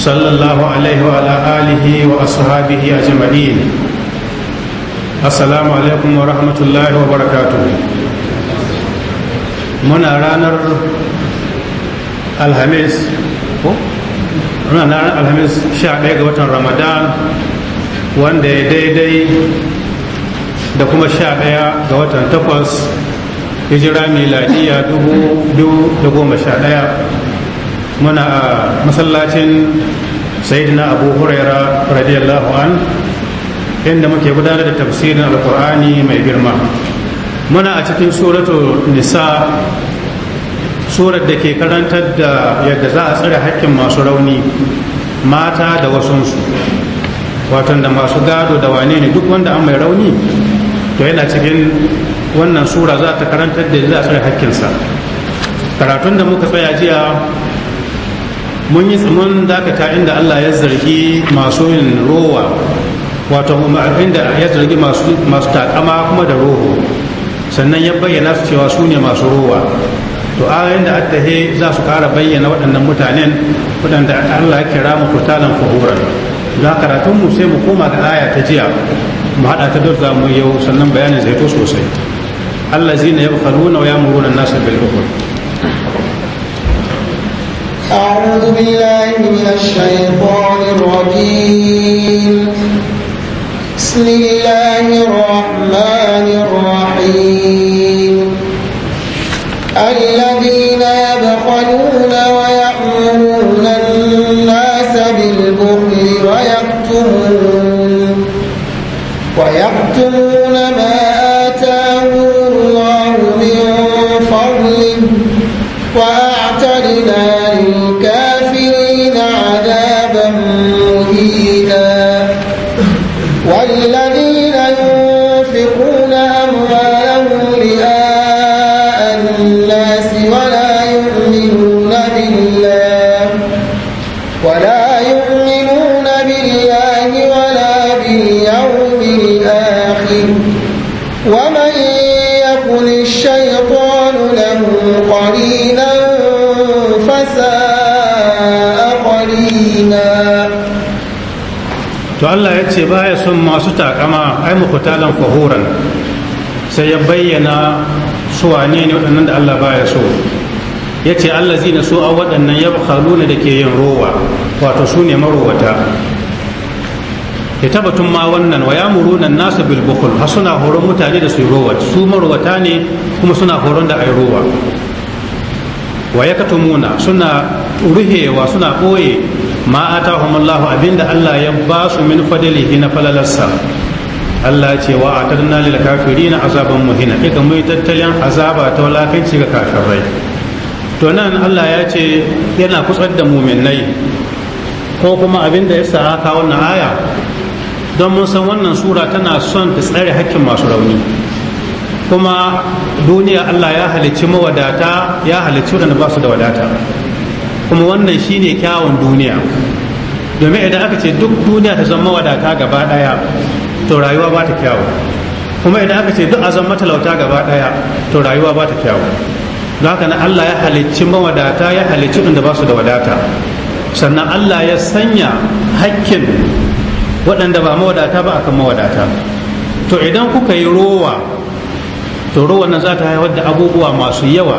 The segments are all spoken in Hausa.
صلى الله عليه وعلى آله وأصحابه أجمعين السلام عليكم ورحمة الله وبركاته muna ranar alhamis ranar alhamis ga watan ramadan wanda ya daidai da kuma ɗaya ga watan takwas hijira miladiya ɗaya muna a masallacin sayyidina abu huraira radiyallahu an inda muke gudanar da tafsirin alkur'ani mai girma muna a cikin suratu nisa surat da ke karantar da yadda za a tsare hakkin masu rauni mata da wasunsu watan da masu gado da wane ne duk wanda an mai rauni to yana cikin wannan sura za ta karantar da za a tsare hakkinsa karatun da muka tsaya jiya mun yi mun dakata inda Allah ya zargi masu yin rowa wato inda ya zargi masu takama kuma da roho sannan ya bayyana su cewa su ne masu rowa to yayin da attahe za su kara bayyana waɗannan mutanen waɗanda Allah ya kira mu kutalan fuhura da karatun mu sai mu koma ga aya ta jiya mu haɗa ta da zamu yau sannan bayanin zai to sosai Allah na ya wa ya muruna nasa bil أعوذ بالله من الشيطان الرجيم بسم الله الرحمن الرحيم الذين يبخلون ويبخلون to Allah ya ce baya son masu takama ai mukutalan fahuran sai ya bayyana su wane ne waɗannan da Allah baya so ya ce Allah zina so a waɗannan ya ne da ke yin rowa wato su ne marowata ya tabbatun ma wannan wa ya murunan nasu bilbukul har suna horon mutane da su rowa su marowata ne kuma suna horon da ai rowa wa ya katumuna suna ruhewa suna ɓoye ma humallahu abinda Allah ya ba su min fadlihi na falalarsa Allah ce wa atadna lil na azaban muhina daga mai tattalin azaba ta walakanci ga kafirai to nan Allah ya ce yana kutsar da muminai ko kuma abinda ya sa haka wannan aya don mun san wannan sura tana son ta tsare hakkin masu rauni kuma duniya Allah ya halicci mawadata ya halicci wadanda ba su da wadata kuma wannan shine kyawun duniya domin idan aka ce duk duniya ta zama wadata gaba daya to rayuwa ba ta kyawu kuma idan aka ce duk a zama talauta gaba daya to rayuwa ba ta kyawu don haka na Allah ya halicci mawadata ya halicci inda ba su da wadata sannan Allah ya sanya hakkin waɗanda ba mawadata ba akan mawadata to idan kuka yi rowa to rowa nan za ta haifar da abubuwa masu yawa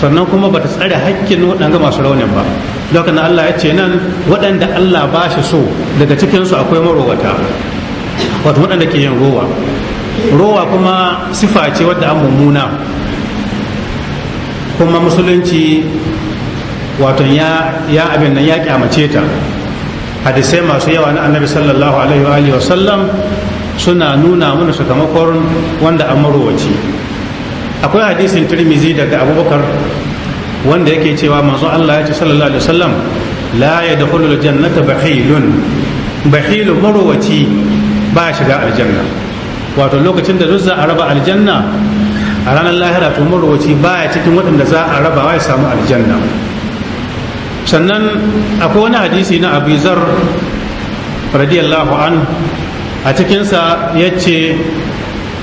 sannan kuma bata tsare hakkin waɗanda masu raunin ba don na Allah ya ce nan waɗanda Allah ba shi so daga cikinsu akwai marowata wato waɗanda ke yin rowa rowa kuma sifa ce wadda an mummuna kuma musulunci wato ya abin nan ya kyamace ta hadisai masu yawa na annabi sallallahu alaihi wa sallam suna nuna mana sakamakon wanda an marowaci akwai hadisin tirmizi daga abubakar wanda yake cewa manzo Allah ya ce sallallahu alaihi wasallam la yadkhulu aljannata bahilun bahilun marwaci ba shiga aljanna wato lokacin da duk za a raba aljanna a ranar lahira to marwaci baya cikin waɗanda za a raba ya samu aljanna sannan akwai wani hadisi na abu zar radiyallahu an a cikinsa ya ce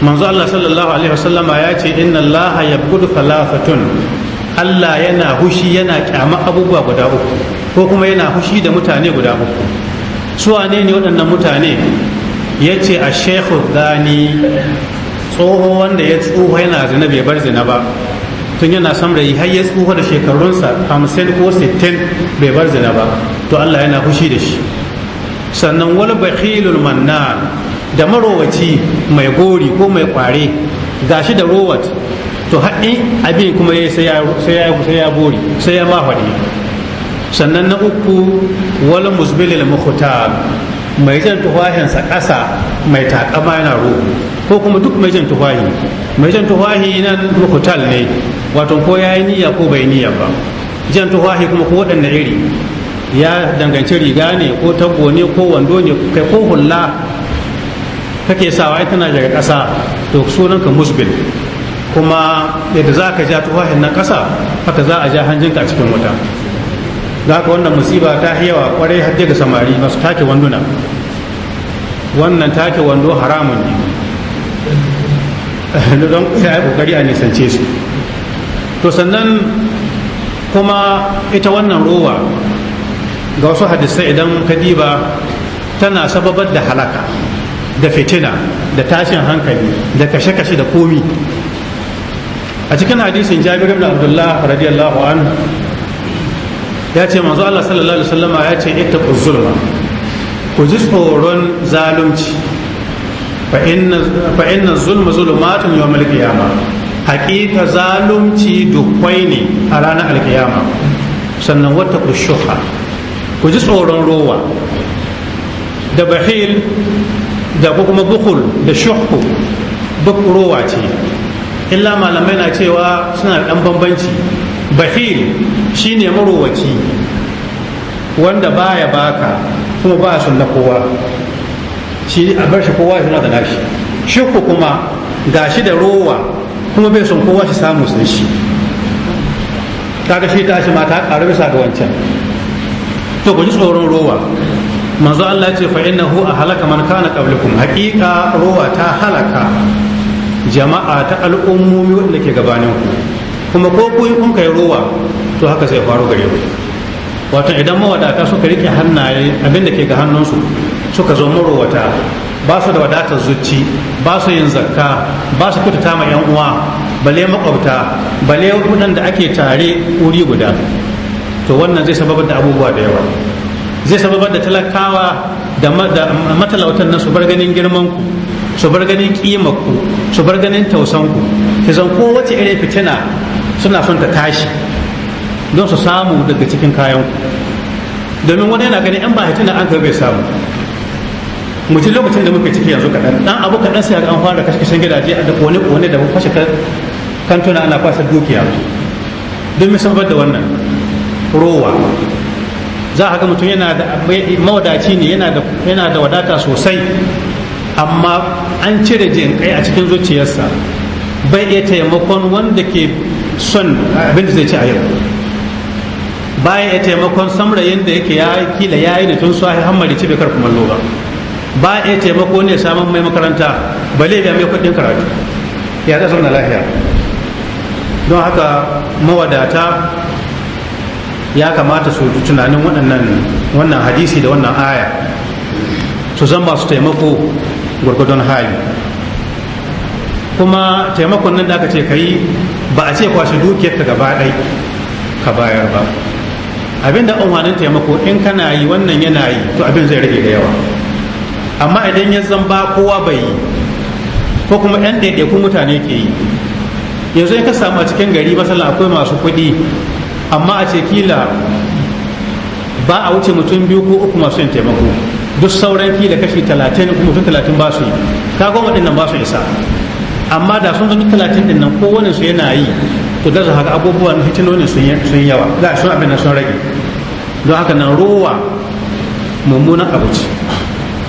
manzo Allah sallallahu alaihi wasallama ya ce inna Allah yabgudu thalathatun Allah yana hushi yana kyama abubuwa guda uku ko kuma yana hushi da mutane guda uku su wane ne waɗannan mutane ya ce a shekhu dani tsoho wanda ya tsoho yana zina bai bar zina ba tun yana samrayi har ya tsoho da shekarunsa hamsin ko sittin bai bar zina ba to Allah yana hushi da shi sannan wani bakhilul mannan da marowaci mai gori ko mai kware gashi da rowat to haɗin abin kuma ya sai ya bori sai ya mafaɗi sannan na uku wala musbilil mukhtar mai jan sa ƙasa mai takama yana roƙo ko kuma duk mai jan tuhahi mai jan tuhahi nan mukhtar ne wato ko ya yi niyya ko bai niyya ba jan tuhahi kuma ko waɗanne iri ya danganci riga ne ko tabo ne ko wando ne kai ko hulla kake sawa tana daga ƙasa to sunanka musbil kuma yadda za ka ja tuwahin na ƙasa haka za a ja hanjinka a cikin wuta za ka wannan musiba ta yawa kwarai har da samari masu take wanduna wannan take wando haramun ne don yi kokari a nisance su to sannan kuma ita wannan rowa ga wasu hadisai idan ka diba tana sababar da halaka da fitina da tashin hankali da kashe-kashe da komi a cikin hadisin jabir ibn abdullah radiyallahu anhu ya ce manzo Allah sallallahu alaihi wasallam ya ce ittaqu zulma ku ji tsoron zalunci fa inna zulma zulumatun al qiyama haqiqa zalunci dukwai ne a ranar al-qiyama sannan wata ku shuha ku ji tsoron rowa da bahil da ko kuma bukul da shukku duk rowa ce illa malamai na cewa suna da ɗan bambanci bahil shine marowaci wanda baya baka kuma ba su na kowa shi a bar shi kowa shi na da nashi shukku kuma gashi da rowa kuma bai son kowa shi samu sun shi kaga shi shi mata ƙaru bisa ga wancan to ku ji tsoron rowa manzo Allah ce fa innahu a halaka man kana qablukum haqiqa ruwa ta halaka jama'a ta al'ummomi wanda ke gabanin ku kuma ko ku kun kai ruwa to haka sai faru gare ku wato idan mawadata suka rike hannaye abinda ke ga hannunsu suka zo ruwata ba su da wadatar zucci ba su yin zakka ba su kuta ma yan uwa bale makwabta bale da ake tare uri guda to wannan zai sababar da abubuwa da yawa zai sababar da talakawa da matalautan nan su bar ganin girmanku ku su bar ganin kima su bar ganin tausan ku ki zan kowace irin fitina suna son ta tashi don su samu daga cikin kayanku. ku domin wani yana ganin yan ba fitina an bai samu mutum lokacin da muke ciki yanzu kaɗan ɗan abu kaɗan sai an fara kashkashin gidaje a kone wani da fashe kantuna ana fasa dukiya domin sababar da wannan rowa za a ga mutum yana da mawadaci ne yana da wadata sosai amma an cire jin kai a cikin zuciyarsa bai iya taimakon wanda ke son abin da zai ci a yau baya iya taimakon samrayin da yake ya kila yayi da tun suwa hammari ci bai karfi mallo ba ba iya taimako ne samun mai makaranta bale ya mai kuɗin karatu ya zauna lafiya don haka mawadata ya kamata su tunanin waɗannan wannan hadisi da wannan aya su zan su taimako gwargwadon hali kuma taimakon nan da aka ce ka yi ba a ce kwashe dukiyarka gaba ɗai ka bayar ba abin da umarnin taimako in kana yi wannan yana yi to abin zai rage da yawa amma idan ya zan ba kowa bai yi ko kuma 'yan ɗaiɗaikun mutane ke yi yanzu in ka samu a cikin gari masala akwai masu kuɗi amma a ce kila ba a wuce mutum biyu ko uku masu yin taimako duk sauran kila kashi talatin ko mutum talatin ba su yi ka goma ɗin nan ba su isa amma da sun zama talatin ɗin nan kowane su yana yi to da haka abubuwan hitinonin sun yawa za a sun abin sun rage don haka nan rowa mummunan abu ce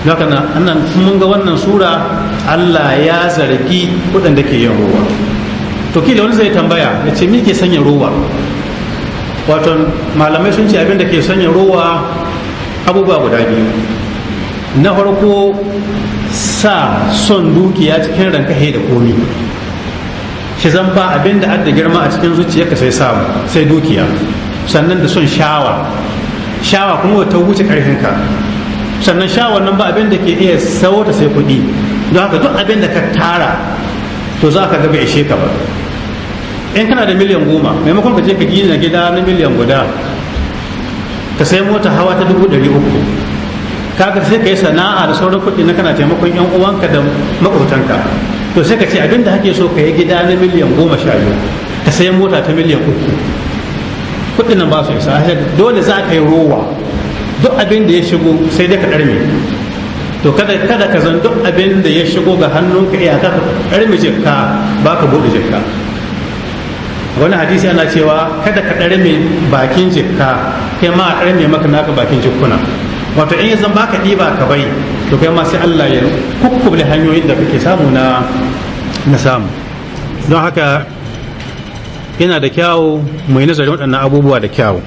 don haka nan mun ga wannan sura Allah ya zargi waɗanda ke yin rowa to kila wani zai tambaya ya ce me ke sanya rowa wato malamai sun ce abinda ke sanya ruwa abubuwa guda biyu na farko sa son dukiya cikin rankahe da komi shi zan ba abin adda girma a cikin zuciyarka sai samu sai dukiya sannan da son shawa shawa kuma ta wuce karfinka sannan shawar nan ba abin ke iya sawo ta sai kuɗi don haka duk abin da ka tara to za ka gaba ishe ka ba in kana da miliyan goma maimakon ka je ka gina gida na miliyan guda ka sai mota hawa ta dubu ɗari uku kaga sai ka yi sana'a da sauran kuɗi na kana taimakon yan uwanka da maƙotanka to sai ka ce abin da so ka yi gida na miliyan goma sha biyu ka sai mota ta miliyan uku kuɗin nan ba su isa dole za ka yi rowa duk abin ya shigo sai dai ka ɗarme to kada ka zan duk abinda ya shigo ga hannunka iyaka ka ɗarme jikka ba ka buɗe jikka wani hadisi ana cewa kada ka ɗare mai bakin jikka kai ma a ɗare mai maka naka bakin jikkuna wato in zan baka ɗiba ka bai to kai ma sai Allah ya kukkuble hanyoyin da kake samu na na samu don haka yana da kyawu mai nazarin waɗannan abubuwa da kyawu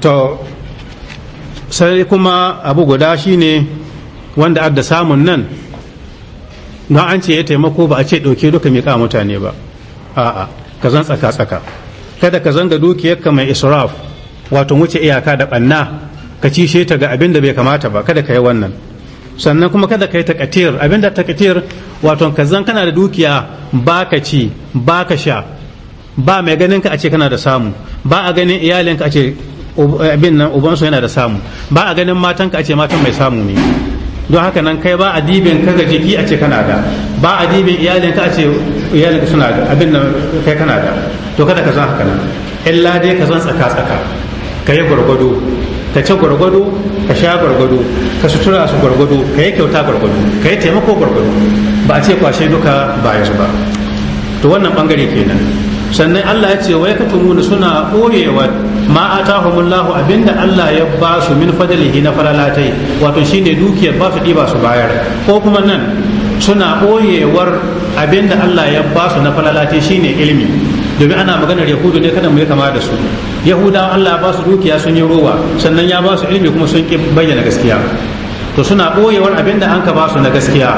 to sai kuma abu guda shine wanda adda samun nan na an ce ya taimako ba a ce ɗauke duka miƙa mutane ba a'a ka zan tsaka tsaka kada ka zanga dukiyarka mai israf wato wuce iyaka da ɓanna ka cishe ta ga abin da bai kamata ba kada ka yi wannan sannan kuma kada ka yi takatir abin da takatir wato ka zan kana da dukiya ba ka ci ba ka sha ba mai ganin ka a ce kana da samu ba a ganin iyalinka a ce abin nan ubansu yana da samu ba a ganin matanka a ce matan mai samu ne don haka nan kai ba a dibin ka ga jiki a ce kana da ba a dibin ka a ce ka suna da abin nan kai kana da to kada ka san haka nan illa dai ka zan tsaka tsaka ka yi gwargwado ka ci gwargwado ka sha gwargwado ka sutura su gwargwado ka yi kyauta gwargwado ka yi taimako gwargwado ba a ce kwashe duka ba ya ba to wannan bangare kenan sannan Allah ya ce wai ka tumuna suna ɓoyewa ma mullahu abinda Allah ya ba su min na falalatai wato shine dukiyar ba su ɗiba su bayar ko kuma nan suna ɓoyewar abinda Allah ya ba su na falalatai shine ilimi domin ana maganar yahudu ne kada mu yi kama da su yahudawa Allah ya ba su dukiya sun yi rowa sannan ya ba su ilimi kuma sun ki bayyana gaskiya to suna ɓoyewar abin da an ka basu na gaskiya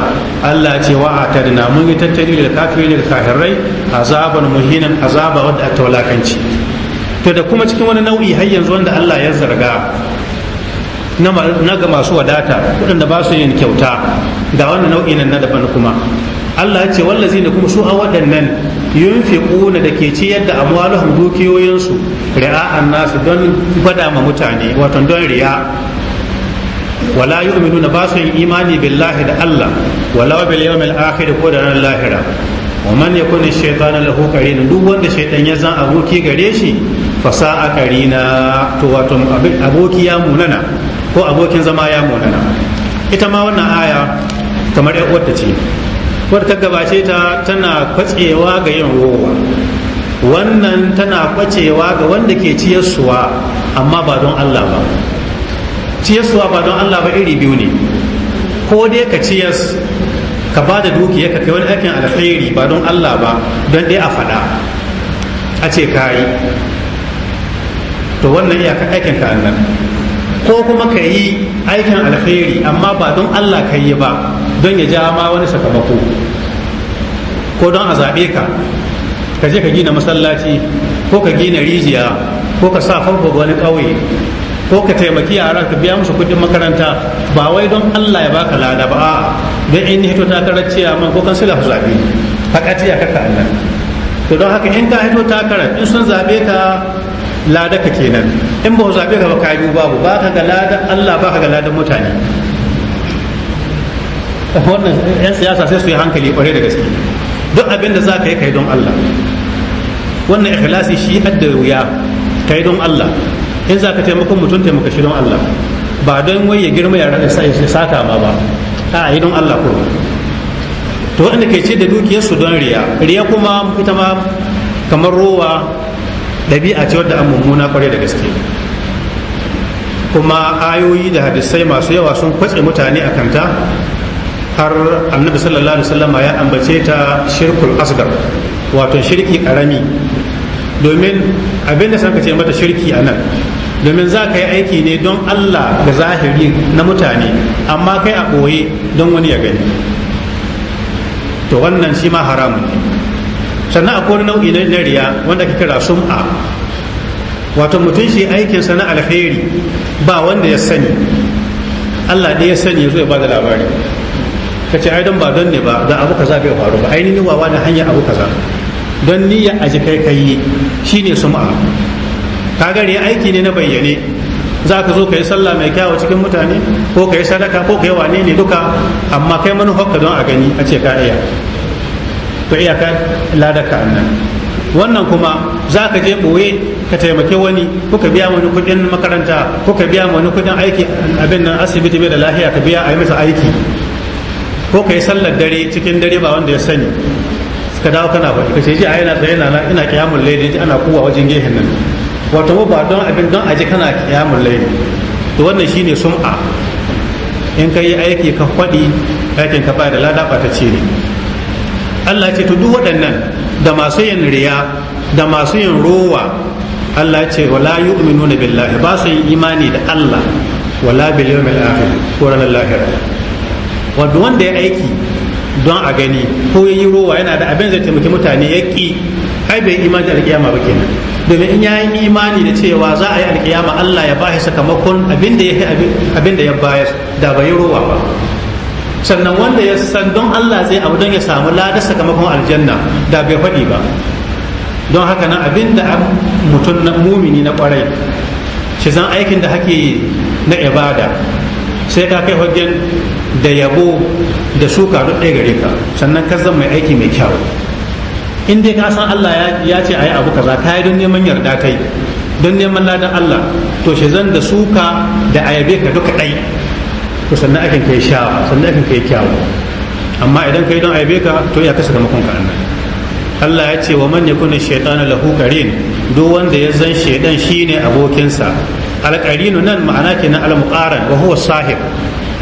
Allah ce wa a tarina mun yi tattali da kafirai da kafirai azaban muhinan azaba wadda a tawalakanci to da kuma cikin wani nau'i har yanzu wanda Allah ya zarga na ga masu wadata waɗanda ba su yin kyauta ga wannan nau'i nan na daban kuma Allah ya ce wallazi ne kuma su a waɗannan yunfiquna da ke ciyar da amwaluhum dukiyoyinsu ri'a nasu don gwada ma mutane wato don riya wala yu'minuna ba su yin imani billahi da Allah wala bil yawmil akhir ko da ran lahira wa man yakun ash-shaytanu lahu qarin duk wanda shaytan ya zan aboki gare shi fasa akari na to wato aboki ya munana ko abokin zama ya munana ita ma wannan aya kamar uwar uwarta ce wadda ta gabace ta tana kwacewa ga yin rowa wannan tana kwacewa ga wanda ke ciyarsuwa amma ba don Allah ba ciyarsuwa ba don Allah ba iri biyu ne ko dai ka ciyas ka ba da dukiya ka kai wani aikin alkhairi ba don Allah ba don dai a faɗa a ce kayi to wannan iyaka aikin ka annan ko kuma ka yi aikin alkhairi amma ba don Allah ka yi ba don ya ja ma wani sakamako ko don a zaɓe ka ka je ka gina masallaci ko ka gina rijiya ko ka sa famfo wani ƙauye ko ka taimaki yara ka biya musu kuɗin makaranta ba wai don Allah ya baka lada ba a don in hito takarar ciyaman ko kan sila zaɓe haka ciya kaka Allah to don haka in ka hito takarar in sun zaɓe ka ka kenan in ba zaɓe ka ba ka yi babu ba ka ga ladan Allah ba ka ga ladan mutane wannan 'yan siyasa sai su yi hankali kwarai da gaske duk abin da za ka yi kai don Allah wannan ikhlasi shi hadda wuya kai don Allah in za ka taimakon mutum taimaka shi don Allah ba don wai ya girma ya saka ma ba a yi don Allah ko. to wanda ke ce da su don riya riya kuma ita ma kamar rowa ɗabi'a ce wadda an mummuna kwarai da gaske kuma ayoyi da hadisai masu yawa sun kwatse mutane a kanta har annabi sallallahu alaihi wasallam ya ambace ta shirkul asgar wato shirki karami domin abin da sanka ce mata shirki a nan domin za ka yi aiki ne don allah da zahiri na mutane amma kai a ɓoye don wani ya gani to wannan shi ma haramun ne sannan akwai nau'i na riya wanda ake kira sum'a wato mutum shi aikinsa na alheri ba wanda ya sani Allah ne ya sani ya zo ya bada labari ka ce don ba don ne ba da abu kaza bai faru ba ainihin wawa na hanyar abu kaza don niyya a ji kai kai ne sum'a ka ya aiki ne na bayyane za ka zo ka yi sallah mai kyawa cikin mutane ko ka yi sadaka ko ka yi wane ne duka amma kai manufarka don a gani a ce ka iya to iyaka ladaka annan wannan kuma za ka je ɓoye ka taimake wani ko ka biya wani kudin makaranta ko ka biya wani kudin aiki abin nan asibiti mai da lahiya ka biya a yi masa aiki ko ka yi sallar dare cikin dare ba wanda ya sani ka dawo kana faɗi ka ce ji a yana tsaye na ina kiyamun ji ana kuwa wajen gehen nan wato mu ba don abin don aji kana kiyamun laili to wannan shine sum'a in ka yi aiki ka faɗi aikin ka ba da lada ba ta ce ne Allah ce tudu duk waɗannan da masu yin riya da masu yin rowa Allah ce wala yu'minuna billahi ba su yin imani da Allah wala bil yawmil akhir ko ranar lahira wanda wanda ya aiki don a gani ko ya yi rowa yana da abin zai taimaki mutane ya ki ai bai imani da alkiyama ba kenan domin in ya imani da cewa za a yi alkiyama Allah ya bashi sakamakon abin da ya bayar da bai rowa ba sannan wanda ya san don Allah zai abu don ya samu lada sakamakon aljanna da bai faɗi ba don haka nan abin da mutum na mumini na kwarai shi zan aikin da hake na ibada sai ka kai hujjan da yabo da suka duk ɗaya gare ka sannan ka zama mai aiki mai kyau in dai ka san Allah ya ce a yi abu kaza ka yi don neman yarda kai don neman ladan Allah to shi zan da suka da ayabe ka duka ɗai to sannan aikin ka yi shawa sannan aikin ka yi kyawu amma idan ka yi don aibe ka to ya kasa kamakon ka annabi. Allah ya ce wa man yakuna shaytanu lahu qarin duk wanda ya zan shaydan shine abokinsa alqarinu nan ma'ana kenan al-muqaran wa huwa sahib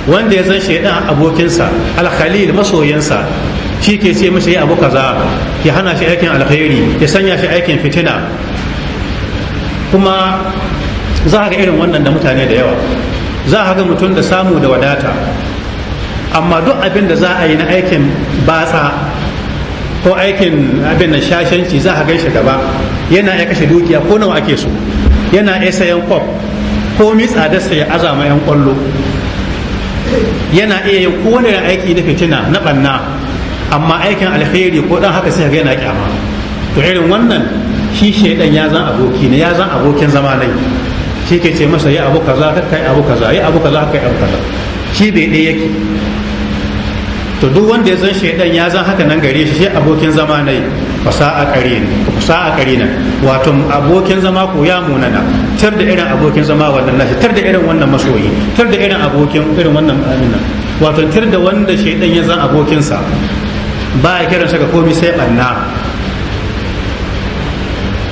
wanda ya zan shaydan abokinsa al-khalil masoyansa shi ke ce masa yi abu kaza ya hana shi aikin alkhairi ya sanya shi aikin fitina kuma za ga irin wannan da mutane da yawa za a ga mutum da samu da wadata amma duk abin da za a yi na aikin batsa ko aikin abin da shashanci za a gan shi gaba yana ya kashe dukiya ko nawa ake so yana ya sayan kwaf ko mi tsadarsa ya azama yan kwallo yana iya yin kowane aiki na fitina na banna amma aikin alheri ko dan haka sai ga yana kyama to irin wannan shi shaidan ya zan aboki ne ya zan abokin zama nai shi ke ce masa ya abu kaza kai abu kaza yi abu kaza kai abu kaza shi bai ɗaya yake to duk wanda ya zan shaidan ya zan haka nan gare shi shi abokin zama ne fasa'a a fasa'a na wato abokin zama ko ya munana tar da irin abokin zama wannan nashi tar da irin wannan masoyi tar da irin abokin irin wannan amina wato tar da wanda shaidan ya zan abokinsa ba ya kiran saka komai sai banna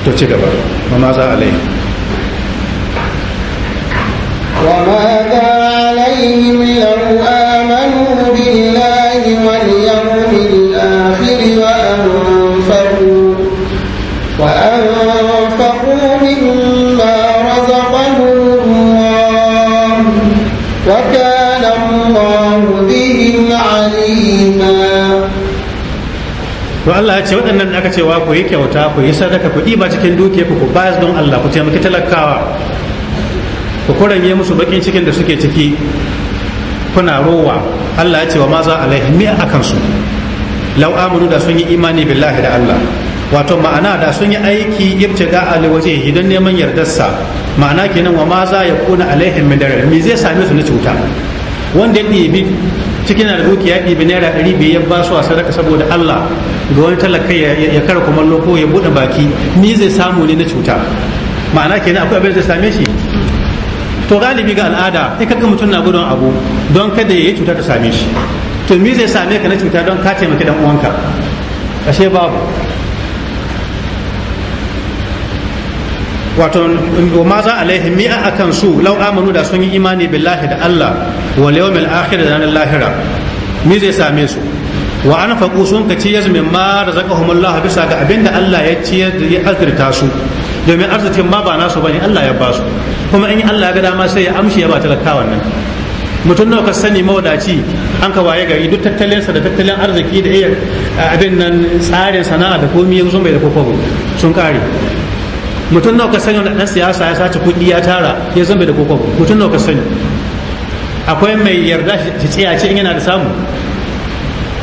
to ci gaba ma za alai وماذا عليهم لو آمنوا بالله Allah ya ce waɗannan da aka cewa ku yi kyauta ku yi sadaka ku ɗiba cikin dukiyarku ku bayar don Allah ku taimaki talakawa ku kuranye musu bakin cikin da suke ciki kuna rowa Allah ya ce wa maza alaihi mi akan su law amuru da sun yi imani billahi da Allah wato ma'ana da sun yi aiki da ali waje idan neman yardarsa ma'ana kenan wa maza ya kuna alaihi min dare? me zai same su na cuta wanda ya ɗibi cikin da ya ɗibi naira ɗari ya ba su a sadaka saboda Allah ga wani talaka ya kara kumallo ko ya buɗe baki ni zai samu ne na cuta ma'ana kenan akwai abin da zai same shi to galibi ga al'ada in kaga mutum na gudun abu don kada ya yi cuta ta same shi to me zai same ka na cuta don ka taimaki dan uwanka ashe babu wato ma za a mi'a akan su lau amanu da sun yi imani billahi da Allah wa yawmil akhir da ranar lahira me zai same su wa an sun ka ciyar min ma da zaka bisa ga abinda Allah ya ciyar da ya azurta su domin arzikin ma ba nasu bane Allah ya ba su kuma in Allah ya ga dama sai ya amshi ya ba talakawan nan mutum nawa ka sani mawadaci an ka waye gari duk tattalinsa da tattalin arziki da iya abin nan tsarin sana'a da komi yanzu bai da kokobo sun kare mutum nawa ka sani wanda dan siyasa ya sace kuɗi ya tara ya zambe da kofa mutum nawa ka sani akwai mai yarda shi tsiyace in yana da samu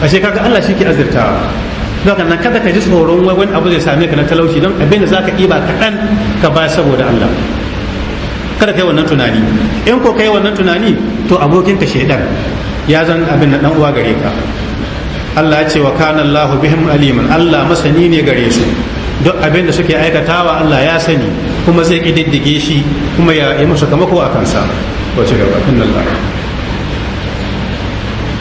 a shekara Allah shi ke azirtawa don kada ka ji tsoron wai wani abu zai same ka na talauci don abin da za ka ɗiba kaɗan ka ba saboda Allah kada kai wannan tunani in ko kai wannan tunani to abokin ka shaidan ya zan abin da dan uwa gare ka Allah ya ce wa kana Allahu bihim aliman Allah masani ne gare su duk abin da suke aikatawa Allah ya sani kuma zai kididdige shi kuma ya yi musu kamako a kansa wace gaba inna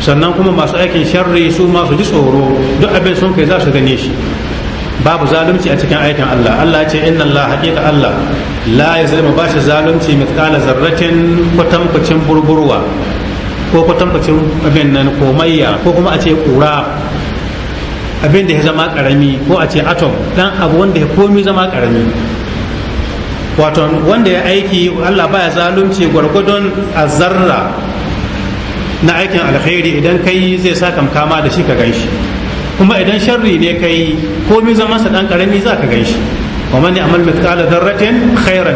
sannan kuma masu aikin sharri su masu ji tsoro duk abin sun kai za su gane shi babu zalunci a cikin aikin Allah Allah ce inna Allah haqiqa Allah la yazlimu ba shi zalunci mithqala zarratin kwatankwacin burburwa ko kwatankwacin abin nan komayya ko kuma a ce kura abin da ya zama karami ko a ce atom dan abu wanda ya komi zama karami wato wanda ya aiki Allah baya zalunci gwargwadon azarra na aikin alkhairi idan kai zai sa kama da shi ka gan shi kuma idan sharri ne kai ko komi zamansa dan karami za ka gan shi ومن يعمل مثقال ذرة خيرا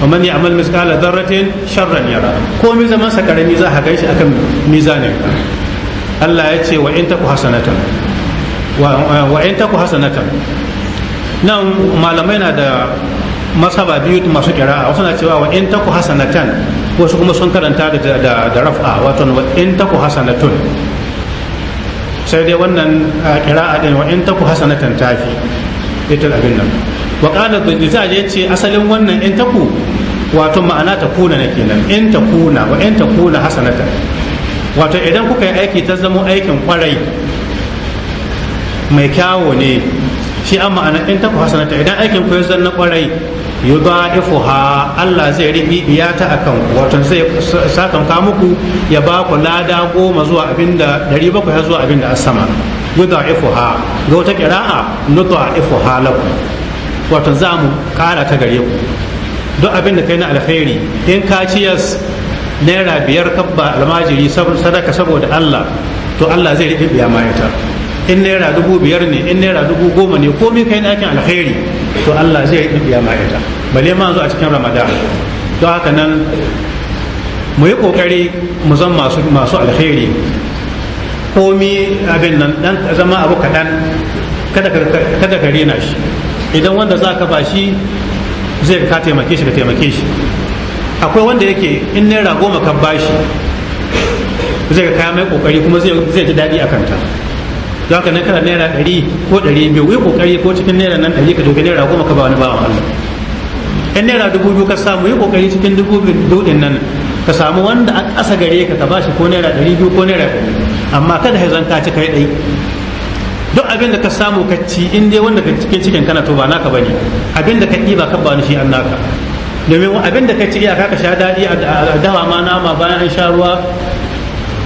wa man يعمل مثقال ذرة شرا يرى ko mi zaman sa karami za ka gaishe akan mizanin Allah ya ce wa in taku hasanatan wa in taku hasanatan nan malamai na da masaba biyu masu kira'a wasu na cewa wa in taku hasanatan wasu kuma sun karanta da raf'a wato in taku hasanatun sai dai wannan a din wa in taku hasanatan tafi ita abin nan wa qala dhunja ya ce asalin wannan in taku wato ma'ana ta kuna na kenan in ta kuna wa in ta kuna hasanatan wato idan kuka yi aiki ta zamo aikin kwarai mai kyawo ne shi an ma'ana in taku hasanatan idan aikin ku ya na kwarai ha Allah zai biya ta akan wato zai sakan ka muku ya ba ku lada goma zuwa abinda 700 ya zuwa abinda a sama ha, ga wata qira'a nudha'ifuha lakum wato za mu kara ta gare ku duk abinda kai na alkhairi in ka yas naira biyar kabba almajiri sadaka saboda Allah to Allah zai biya ma ita in naira dubu biyar ne in naira dubu goma ne komai kai na aikin alkhairi to Allah zai yi ma ita bale ma zo a cikin ramadan to haka nan mu yi kokari mu zan masu masu alheri komi abin nan dan zama abu kaɗan kada ka rena shi idan wanda za ka ba shi zai ka taimake shi ka taimake shi akwai wanda yake in naira goma ka bashi, shi zai ka kaya mai kokari kuma zai ji daɗi a kanta za ka nan kana naira ɗari ko ɗari biyu yi ƙoƙari ko cikin naira nan ɗari ka doke naira goma ka ba wani bawa Allah in naira dubu biyu ka samu yi ƙoƙari cikin dubu biyu ɗin nan ka samu wanda a ƙasa gare ka ka bashi ko naira ɗari biyu ko naira ɗari amma kada ya zanta ci kai ɗai duk abin da ka samu ka ci in dai wanda ka cikin cikin kana to ba naka bane abin da ka ɗiba ka ba ni shi an naka domin abin da ka ci iyaka ka sha daɗi a dawa ma nama bayan an sha ruwa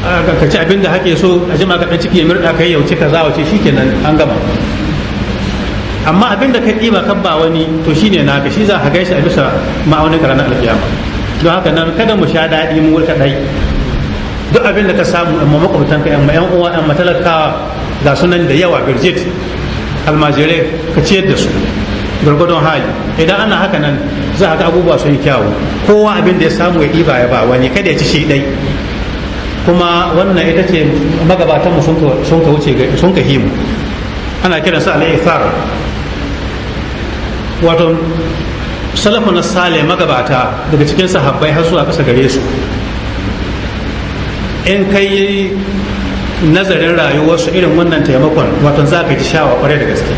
ka ci abin da hake so a jima ka ciki ya murɗa kai yauce ka zawace shikenan an gama amma abin da ka ɗiba kan ba wani to shine naka shi za ka gaishe a bisa ma'aunin ka ranar alkiyama don haka nan kada mu sha daɗi mu wurka ɗai duk abin da ka samu amma makwabtan ka amma yan uwa amma talakawa ga sunan da yawa birjit almajirai ka ciyar da su gwargwadon hali idan ana haka nan za ka ga abubuwa sun yi kyawu kowa abin da ya samu ya ɗiba ya ba wani kada ya ci shi ɗai kuma wannan ita ce magabatanmu sun ka wuce sun ka himu ana kiransu sar wato salafu na sale magabata daga cikin sahabbai har zuwa kasa gare su in kai nazarin rayuwarsu irin wannan taimakon wato za ka ji shawa kwarai da gaske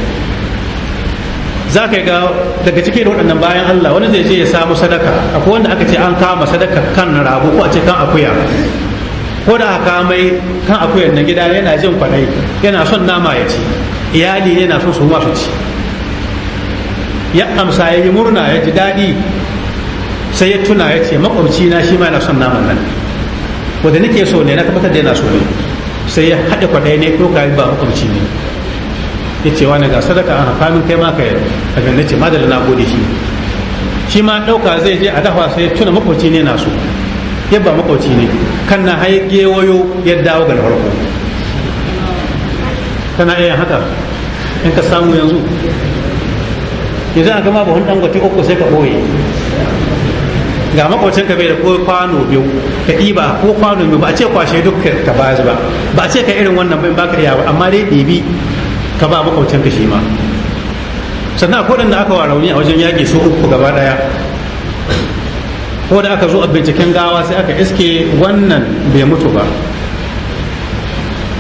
za ka ga daga cikin waɗannan bayan Allah wani zai je ya samu sadaka akwai wanda aka ce an kama sadaka kan rabu ko a ce kan akuya ko da aka mai kan akuyar na gida yana jin kwanai yana son nama ya ci iyali ne na son su masu ci ya amsa ya yi murna ya ji daɗi sai ya tuna ya ce makwabci na shi ma yana son naman nan wanda nake so ne na tabbatar da yana so ne sai ya haɗa kwaɗai ne ko kayi ba makwabci ne ya ce wani ga sadaka a hafamin kai ma kai a ganin ce madalla na gode shi shi ma ɗauka zai je a dafa sai ya tuna makwabci ne na so ya ba ne kan na hai gewayo ya dawo ga farko kana iya haka in ka samu yanzu yanzu a gama buhun dangote uku sai ka ɓoye ga ka bai da ko kwano biyu ka ɗiba ko kwano biyu ba a ce kwashe duk ka ba ba ba a ce ka irin wannan bai baka iya ba amma dai ɗibi ka ba ka shi ma sannan akwai da aka wa rauni a wajen yaƙi so uku gaba ɗaya ko da aka zo a binciken gawa sai aka iske wannan bai mutu ba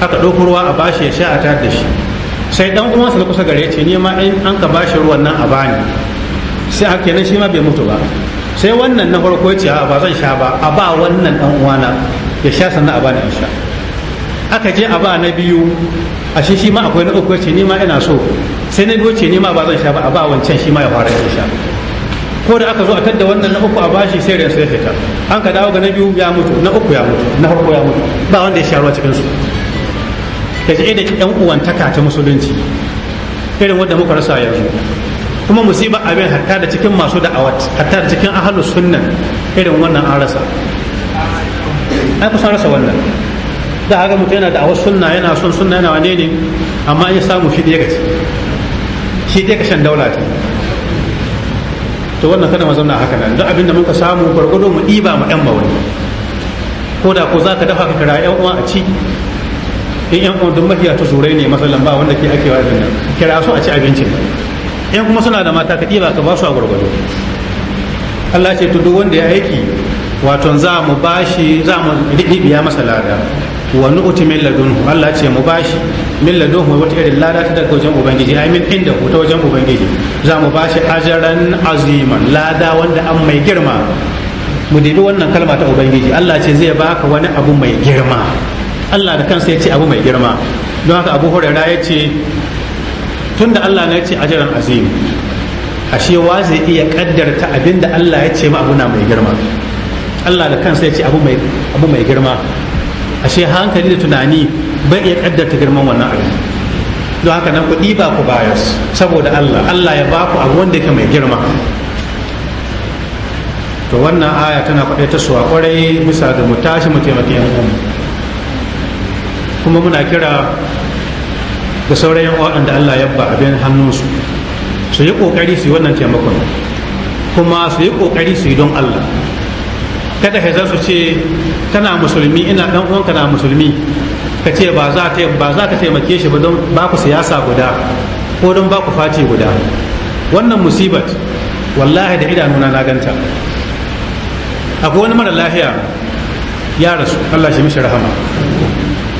aka ɗauko ruwa a bashi ya sha a tar da shi sai dan uwansa na kusa gare ce ni ma in an ka bashi ruwan nan a bani sai aka kenan shi ma bai mutu ba sai wannan na farko ya ce ba zan sha ba a ba wannan dan uwana ya sha sannan a bani in sha aka je a ba na biyu a shi shi ma akwai na uku ya ce ni ma ina so sai na biyu ce ni ma ba zan sha ba a ba wancan shi ma ya fara ya sha ko da aka zo a tadda wannan na uku a bashi sai ransu sai fita an ka dawo ga na biyu ya mutu na uku ya mutu na farko ya mutu ba wanda ya sha ruwa cikin su da ta da yan uwantaka ta musulunci irin wanda muka rasa yanzu kuma musibar abin hatta da cikin masu da'awat hatta da cikin ahalus sunnan irin wannan an rasa ai kusan rasa wannan da haka mutum yana da'awar sunna yana son sunna yana wane ne amma ya samu shi ɗaya gaci shi ɗaya kashen daula ta to wannan kada mu zauna haka nan duk abinda muka samu gwargwado mu diba mu ɗan wani ko da ko za ka dafa ka kira yan uwa a ci in yan uwa duk mafiya ta zurai ne masallan ba wanda ke akewa irin nan kira su a ci abincin yan kuma suna da mata ka diba ka ba su a gwargwado Allah ce to duk wanda ya aiki wato za mu bashi za mu ɗiɗɗibiya masa lada wa nu'timil ladun ladunhu Allah ce mu bashi min ladunhu wata irin lada ta daga wajen ubangiji ai min inda ku ta wajen ubangiji za mu ba shi ajaran aziman lada wanda an mai girma mu dibi wannan kalma ta ubangiji Allah ce zai baka wani abu mai girma Allah da kansa ya ce abu mai girma don haka Abu Hurairah ya ce tunda Allah ne ya ce ajaran azim ashe wa zai iya kaddarta abinda Allah ya ce ma abu na mai girma Allah da kansa ya ce abu mai girma ashe hankali da tunani bai iya kaddarta girman wannan abin don haka nan kuɗi ba ku bayas saboda Allah Allah ya ba ku abu wanda yake mai girma to wannan aya tana kwaɗe ta suwa kwarai bisa da mu tashi mu taimaki yan uwanmu kuma muna kira ga sauran yan waɗanda Allah ya ba abin hannunsu su yi ƙoƙari su yi wannan taimakon kuma su yi ƙoƙari su yi don Allah kada ka su ce kana musulmi ina ɗan uwanka na musulmi ka ce ba za ka taimake shi ba don ba ku siyasa guda ko don ba ku face guda wannan musibat wallahi da idanuna na ganta akwai wani mara lafiya ya rasu Allah shi mishi rahama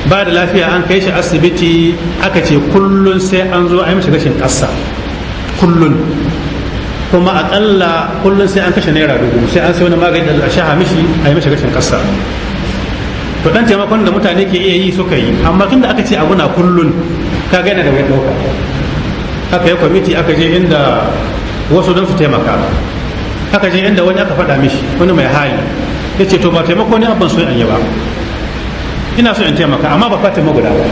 ba da lafiya an kai shi asibiti aka ce kullun sai an zo a yi mishi gashin ƙasa kullun kuma aƙalla kullun sai an kashe naira dubu sai an sai wani magani da shaha mishi a yi mishi gashin ƙasa to dan taimakon da mutane ke iya yi suka yi amma tun da aka ce abu na kullun ka gaina da wani doka aka yi kwamiti aka je inda wasu don su taimaka aka je inda wani aka faɗa mishi wani mai hali ya ce to ba taimako ne abin so in yi ba ina so in taimaka amma ba fatima guda ba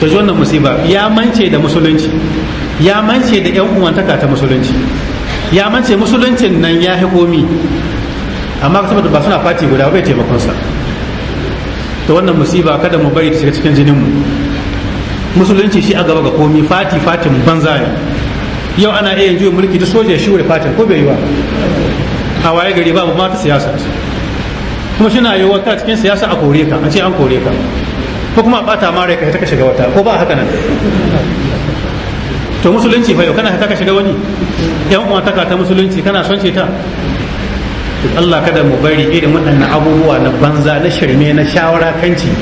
ta ji wannan musiba ya mance da musulunci ya mance da yan uwantaka ta musulunci ya mance musuluncin nan ya hi komi amma saboda ba suna fati guda bai taimakon sa to wannan musiba kada mu bari ta shiga cikin jinin mu musulunci shi a gaba ga komi fati fatin banza ne yau ana iya juya mulki ta soja wuri fatin ko bai yi ba a waye gari babu mata siyasa kuma shina yi wata cikin siyasa a kore ka a ce an kore ka ko kuma a bata ma rai ka ta shiga wata ko ba haka nan to musulunci fa yau kana ta shiga wani yan uwa ta musulunci kana son ce ta duk Allah kada mu bari irin waɗannan abubuwa na banza na shirme na shawara kanci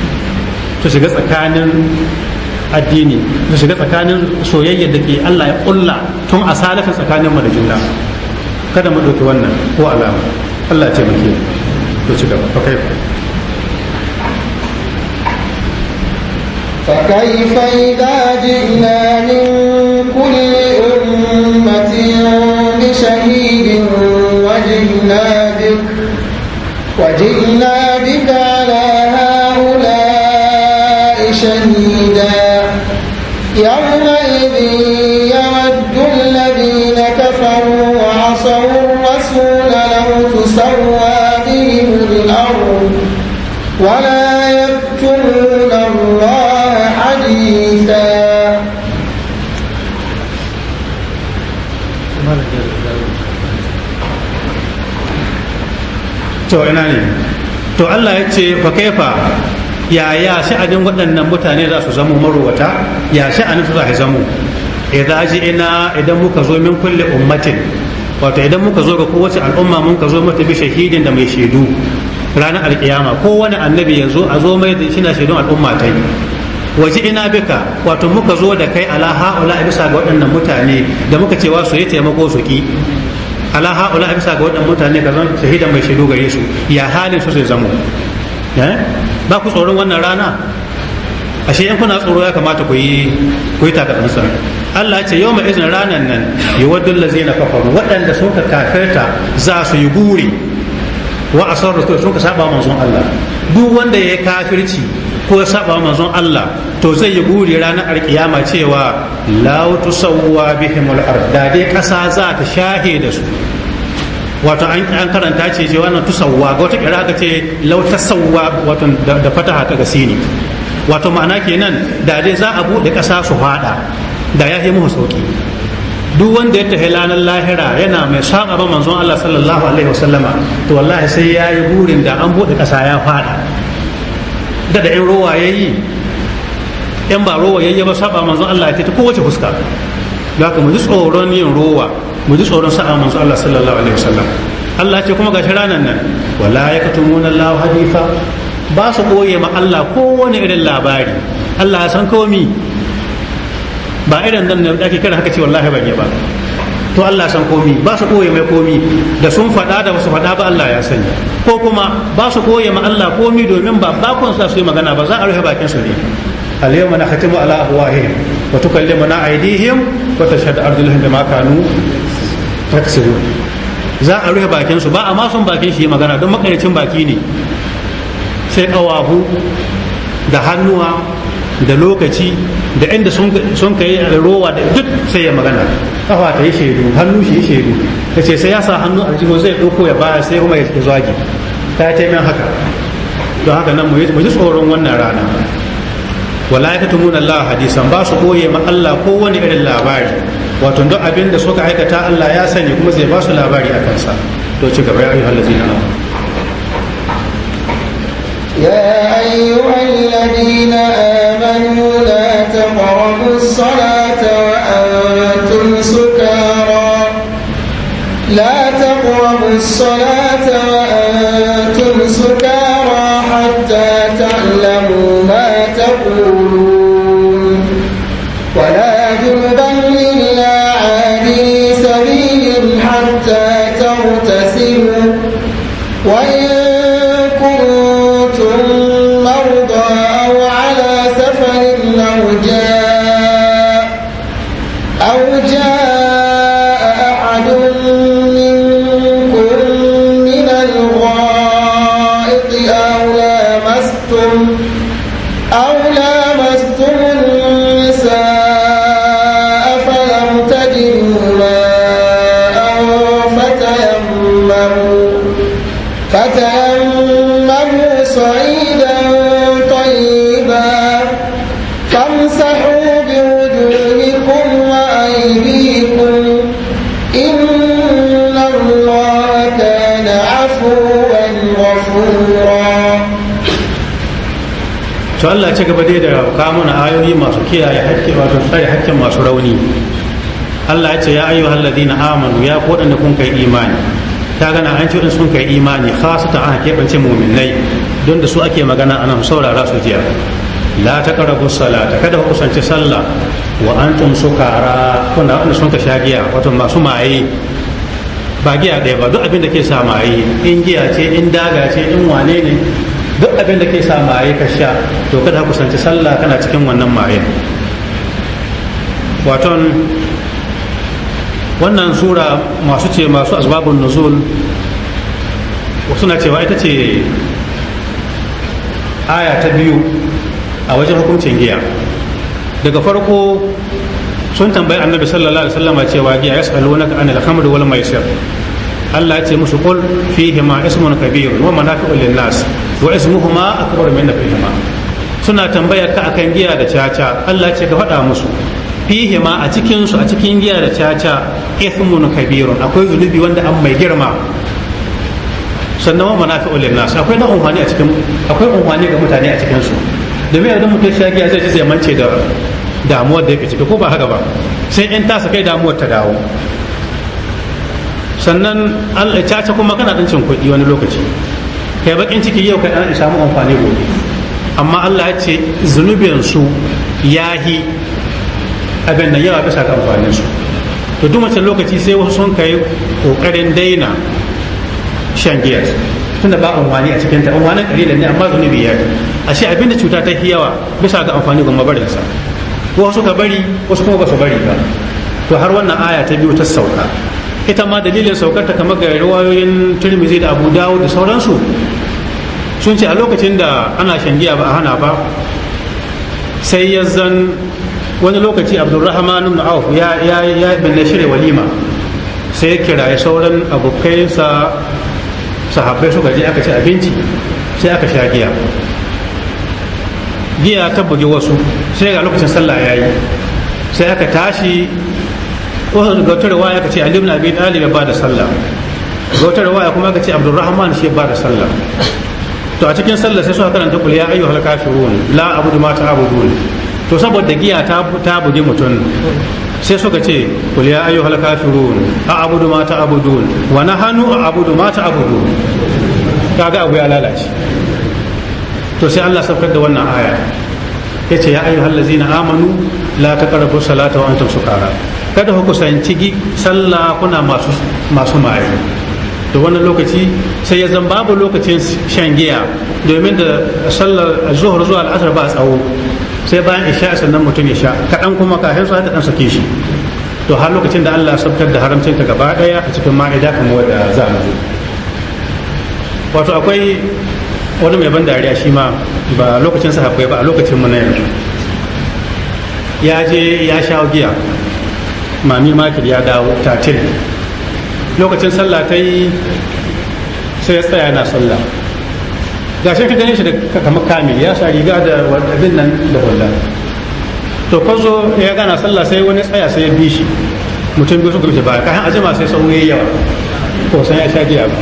su shiga tsakanin addini su shiga tsakanin soyayya da ke Allah ya ƙulla tun a salafin tsakanin mu da juna kada mu ɗauki wannan ko alama Allah ya taimake to ci gaba fa kaifa فكيف إذا جئنا من كل أمة بشهيد يومئذ يود الذين كفروا وعصوا الرسول لو تسوى بهم الأرض ولا يكتمون الله حديثا to ina ne to Allah ya ce fa kaifa ya ya sha'anin waɗannan mutane za su zama marowata ya sha'anin su za su zamo idan ji ina idan muka zo min kulle ummatin wato idan muka zo ga kowace al'umma mun ka zo mata bi shahidin da mai shaidu ranar alkiyama wani annabi yanzu a zo mai shi na shaidun al'umma ta yi waje ina bika wato muka zo da kai ala ha'ula bisa ga waɗannan mutane da muka cewa su yi taimako su ki ala ha'ula bisa ga waɗannan mutane ka zan shahida mai shaidu gare Yesu? ya halin su sai zamo eh? ba ku tsoron wannan rana ashe yan kuna tsoro ya kamata ku yi ku yi Allah ce yau izin ranan nan yuwaddu allazina kafaru waɗanda sun ka kafirta za su yi guri wa asar to sun ka saba manzon Allah duk wanda ya yi kafirci ko ya saba manzon Allah to zai yi guri ranar alkiyama cewa la tusawwa bihimul ard da dai kasa za ta shahe da su wato an karanta ce ce wannan tusawwa ga wata kira aka ce lau tasawwa wato da fataha ta gasini wato ma'ana kenan da dai za a buɗe ƙasa su fada da ya yi muhu sauki duk wanda ya tafi lanar lahira yana mai saba ba manzon Allah sallallahu alaihi wasallama to wallahi sai ya yi burin da an buɗe ƙasa ya faɗa da da in rowa ya yi in ba rowa ya yi ba saba manzon Allah ya ta kowace fuska da haka mu ji tsoron yin rowa mu ji tsoron sa'a manzo Allah sallallahu alaihi wasallam Allah ce kuma gashi ranan nan wala yakatumuna Allah hadifa ba su boye ma Allah kowane irin labari Allah ya san komi ba irin nan da ake kira haka ce wallahi ban ba to Allah san komi ba su koye mai komi da sun faɗa da wasu faɗa ba Allah ya sani ko kuma ba su koye ma Allah komi domin ba bakon su yi magana ba za a rufe bakin su ne al-yawma nakhtimu ala afwahihim wa tukallimuna aydihim wa tashhadu arjuluhum bima kanu taksiru za a rufe bakin su ba a masun bakin shi magana don makaricin baki ne sai kawahu da hannuwa da lokaci da inda sun kai rowa da duk sai ya magana kafa ta yi shaidu hannu shi yi shaidu ta ce sai ya sa hannu a cikin zai ɗauko ya baya sai kuma ya zagi ta yi haka don haka nan mu ji tsoron wannan rana wala ya tumuna Allah hadisan ba su boye ma Allah ko wani irin labari wato duk abin da suka aikata Allah ya sani kuma zai ba su labari akan sa to ci gaba ya ayyuhal ladina amanu ya ayyuhal ladina amanu la taqrabu as-salata wa antum sukara la taqrabu as-salata wa فتيمموا صعيدا طيبا فامسحوا بوجوهكم وأيديكم إن الله كان عفوا غفورا to Allah ci gaba dai da kawo mana ayoyi masu kiyaye hakki wato tsare hakkin masu rauni Allah ya ce ya ayyuhal ladina amanu ya kodan da kun kai imani ta gana an ce sun kai imani ta an keɓance muminai don da su ake magana ana saurara su jiya la ta karabu salata kada ku kusanci sallah wa antum sukara kuna wanda sun ka sha giya wato masu maye ba giya ɗaya ba duk abin da ke sa maye in giya ce in daga ce in wane ne duk abin da ke sa maye ka sha to kada kusanci sallah kana cikin wannan maye waton wannan sura masu ce masu asbabun nuzul suna cewa ita ce aya ta biyu a wajen hukuncin giya daga farko sun tambayi annabi sallallahu alaihi wasallam cewa giya yas'alunaka anil khamr wal maisir Allah ya ce musu qul fihi ma ismun kabir wa manafi'u lin nas wa ismuhuma akbar min nafihima suna tambaya ka akan giya da caca Allah ya ce ka faɗa musu fihi ma a cikin su a cikin giya da caca ithmun kabirun akwai zunubi wanda an mai girma sannan wa manafi'u lin nas akwai na umhani a cikin akwai umhani ga mutane a cikin su da idan adam mutai shagiya zai sai mance da damuwar da yake ciki ko ba haka ba sai in ta kai damuwar ta dawo sannan caca kuma kana dan cin kuɗi wani lokaci kai bakin ciki yau kai an samu amfani gobe amma Allah ya ce zunubin su yahi abin nan yawa bisa ga amfanin su to duk wancan lokaci sai wasu sun kai kokarin daina shan giya tunda ba amfani a cikin ta unwanin kalilan ne amma zunubi ya ashe abinda cuta ta yawa bisa ga amfani ga mabarinsa ko wasu ka bari wasu kuma ba su bari ba to har wannan aya ta biyu ta sauka ita ma dalilin saukar ta kamar ga riwayoyin turmizi da abu dawo da sauransu sun ce a lokacin da ana shan ba a hana ba sai ya zan wani lokaci abdulrahman ibn auf ya ya ya binne shirya walima sai kira ya kiraye sauran sa sahabbai suka je aka ci abinci sai aka sha giya giya ta buge wasu sai ga lokacin sallah ya yi sai aka tashi wasu ga wata aka ce ali ibn abi talib ya bada sallah ga wata kuma aka ce abdurrahman shi ya bada sallah to a cikin sallah sai suka karanta qul ya ayyuhal kafirun la abudu ma ta'budun to saboda giya ta bugi buge mutum sai suka ce kuliya ya ayyuhal kafirun a abudu ma ta abudun hannu a abudu ma ta abudun kaga abu ya lalace to sai Allah saukar da wannan aya ce ya ayyuhal na amanu la taqrabu salata wa antum sukara kada ku kusanci sallah kuna masu masu da wannan lokaci sai ya zan babu lokacin shan giya domin da sallar zuwa al'asar ba tsawo sai bayan isha sannan mutum ya sha kaɗan kuma kafin su haɗa ɗan sake shi to har lokacin da Allah sabtar da haramcin ta gaba ɗaya a cikin ma'ida kamar wadda za mu zo wato akwai wani mai ban dariya shi ma ba lokacin sahabbai ba a lokacin mu na yanzu ya je ya sha giya mami makir ya dawo tatil lokacin sallah ta yi sai ya tsaya na sallah ga shi fitanin shi da kamar kamil ya sa riga da abin nan da hulla to zo ya gana sallah sai wani tsaya sai ya bi shi mutum biyu suka wuce ba kayan azuma sai sau yayi yawa ko san ya sha giya ba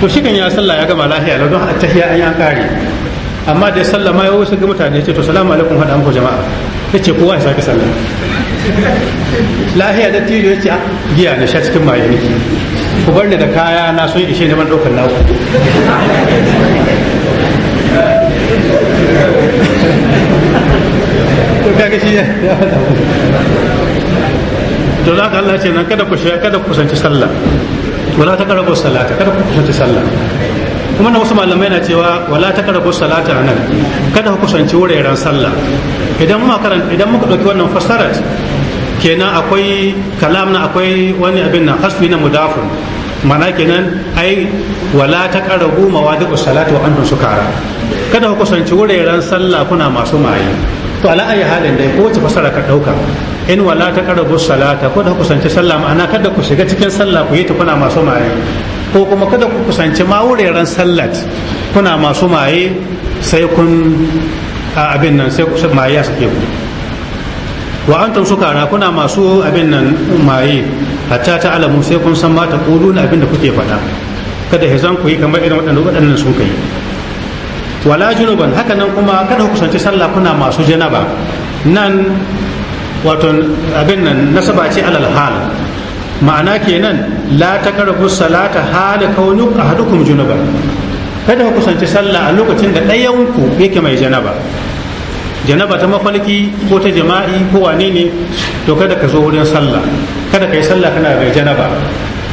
to shi kan ya sallah ya gama lafiya lau don tahiya an yi kare amma da sallah ma ya wuce ga mutane ce to salamu alaikum hada muku jama'a ya ce kowa ya sake sallah lafiya da tilo ya ce ah, giya na sha cikin maye ne ku bar ni da kaya na sun ishe neman ɗaukar naku kaga shi ya to ka Allah ce nan kada ku kada ku kusanci sallah wala ta salata kada ku kusanci sallah kuma na wasu malamai na cewa wala ta karabu salata nan kada ku kusanci wuraren sallah idan muka idan muka dauki wannan fasarat kenan akwai kalam na akwai wani abin nan hasbi na mudafun mana kenan ai wala ta karabu mawadi'us salati wa antum sukara kada ku kusanci wuraren sallah kuna masu maye to ala ayi halin dai ko wace fasara ka dauka in wala ta karabu salata ko da kusanci sallah ma'ana kada ku shiga cikin sallah ku yi ta kuna masu maye ko kuma kada ku kusanci ma wuraren sallat kuna masu maye sai kun abin nan sai ku maye suke ku wa antum sukara kuna masu abin nan maye hatta ta alamu sai kun san ma ta kuluna abin da kuke faɗa kada hezan ku yi kamar irin waɗannan sun kai wala junuban haka nan kuma kada ku kusanci sallah kuna masu janaba nan wato abin nan nasaba ce alal hal ma'ana kenan la taqrabu salata hal kaunu ahadukum junuban kada ku kusanci sallah a lokacin da ɗayan ku yake mai janaba janaba ta mafalki ko ta jama'i ko wane ne to kada ka zo wurin sallah kada ka yi sallah kana mai janaba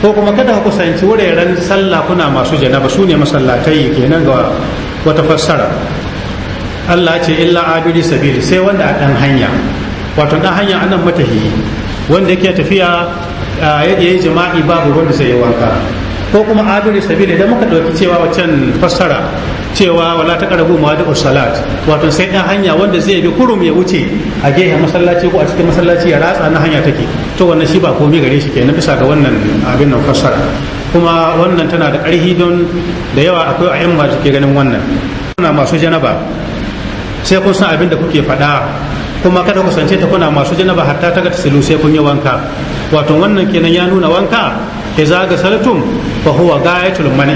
ko kuma kada ku kusanci wuraren sallah kuna masu janaba su ne masallatai kenan ga wata fassara Allah ce illa abiri sabiri sai wanda a dan hanya wato dan hanya anan matahi wanda yake tafiya ya yi jima'i babu wanda sai ya wanka ko kuma abiri sabiri da muka dauki cewa waccan fassara cewa wala ta karabu da salat wato sai dan hanya wanda zai bi kurum ya wuce a gefen masallaci ko a cikin masallaci ya ratsa na hanya take to wannan shi ba komai gare shi na bisa ga wannan abin nan fassara kuma wannan tana da ƙarfi don da yawa akwai a yamma suke ganin wannan kuna masu janaba sai kun san abin da kuke faɗa kuma kada ku sance ta kuna masu janaba hatta ta ga silu sai kun yi wanka wato wannan kenan ya nuna wanka ga salatun fa huwa mani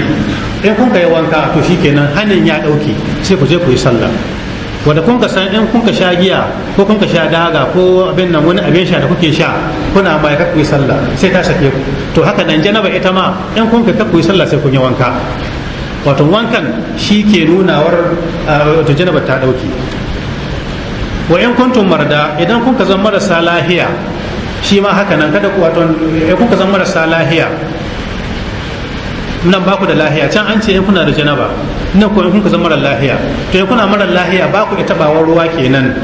in kun kai wanka to shikenan hanin ya dauke sai ku je ku yi sallah wanda kun ka san in kun ka sha giya ko kun ka sha daga ko abin nan wani abin sha da kuke sha kuna mai kuyi sallah sai ta sake ku to haka nan janaba ita ma in kun ka kuyi sallah sai kun yi wanka wato wankan shi ke nunawar wato janabar ta dauke wa in kuntum marda idan kun ka zan marasa lahiya shi ma haka nan kada ku wato in kun ka zan marasa lahiya nan ba ku da lahiya can an ce kuna da janaba nan ko in kuka zama mara lahiya to kuna mara lahiya ba ku ita bawar ruwa kenan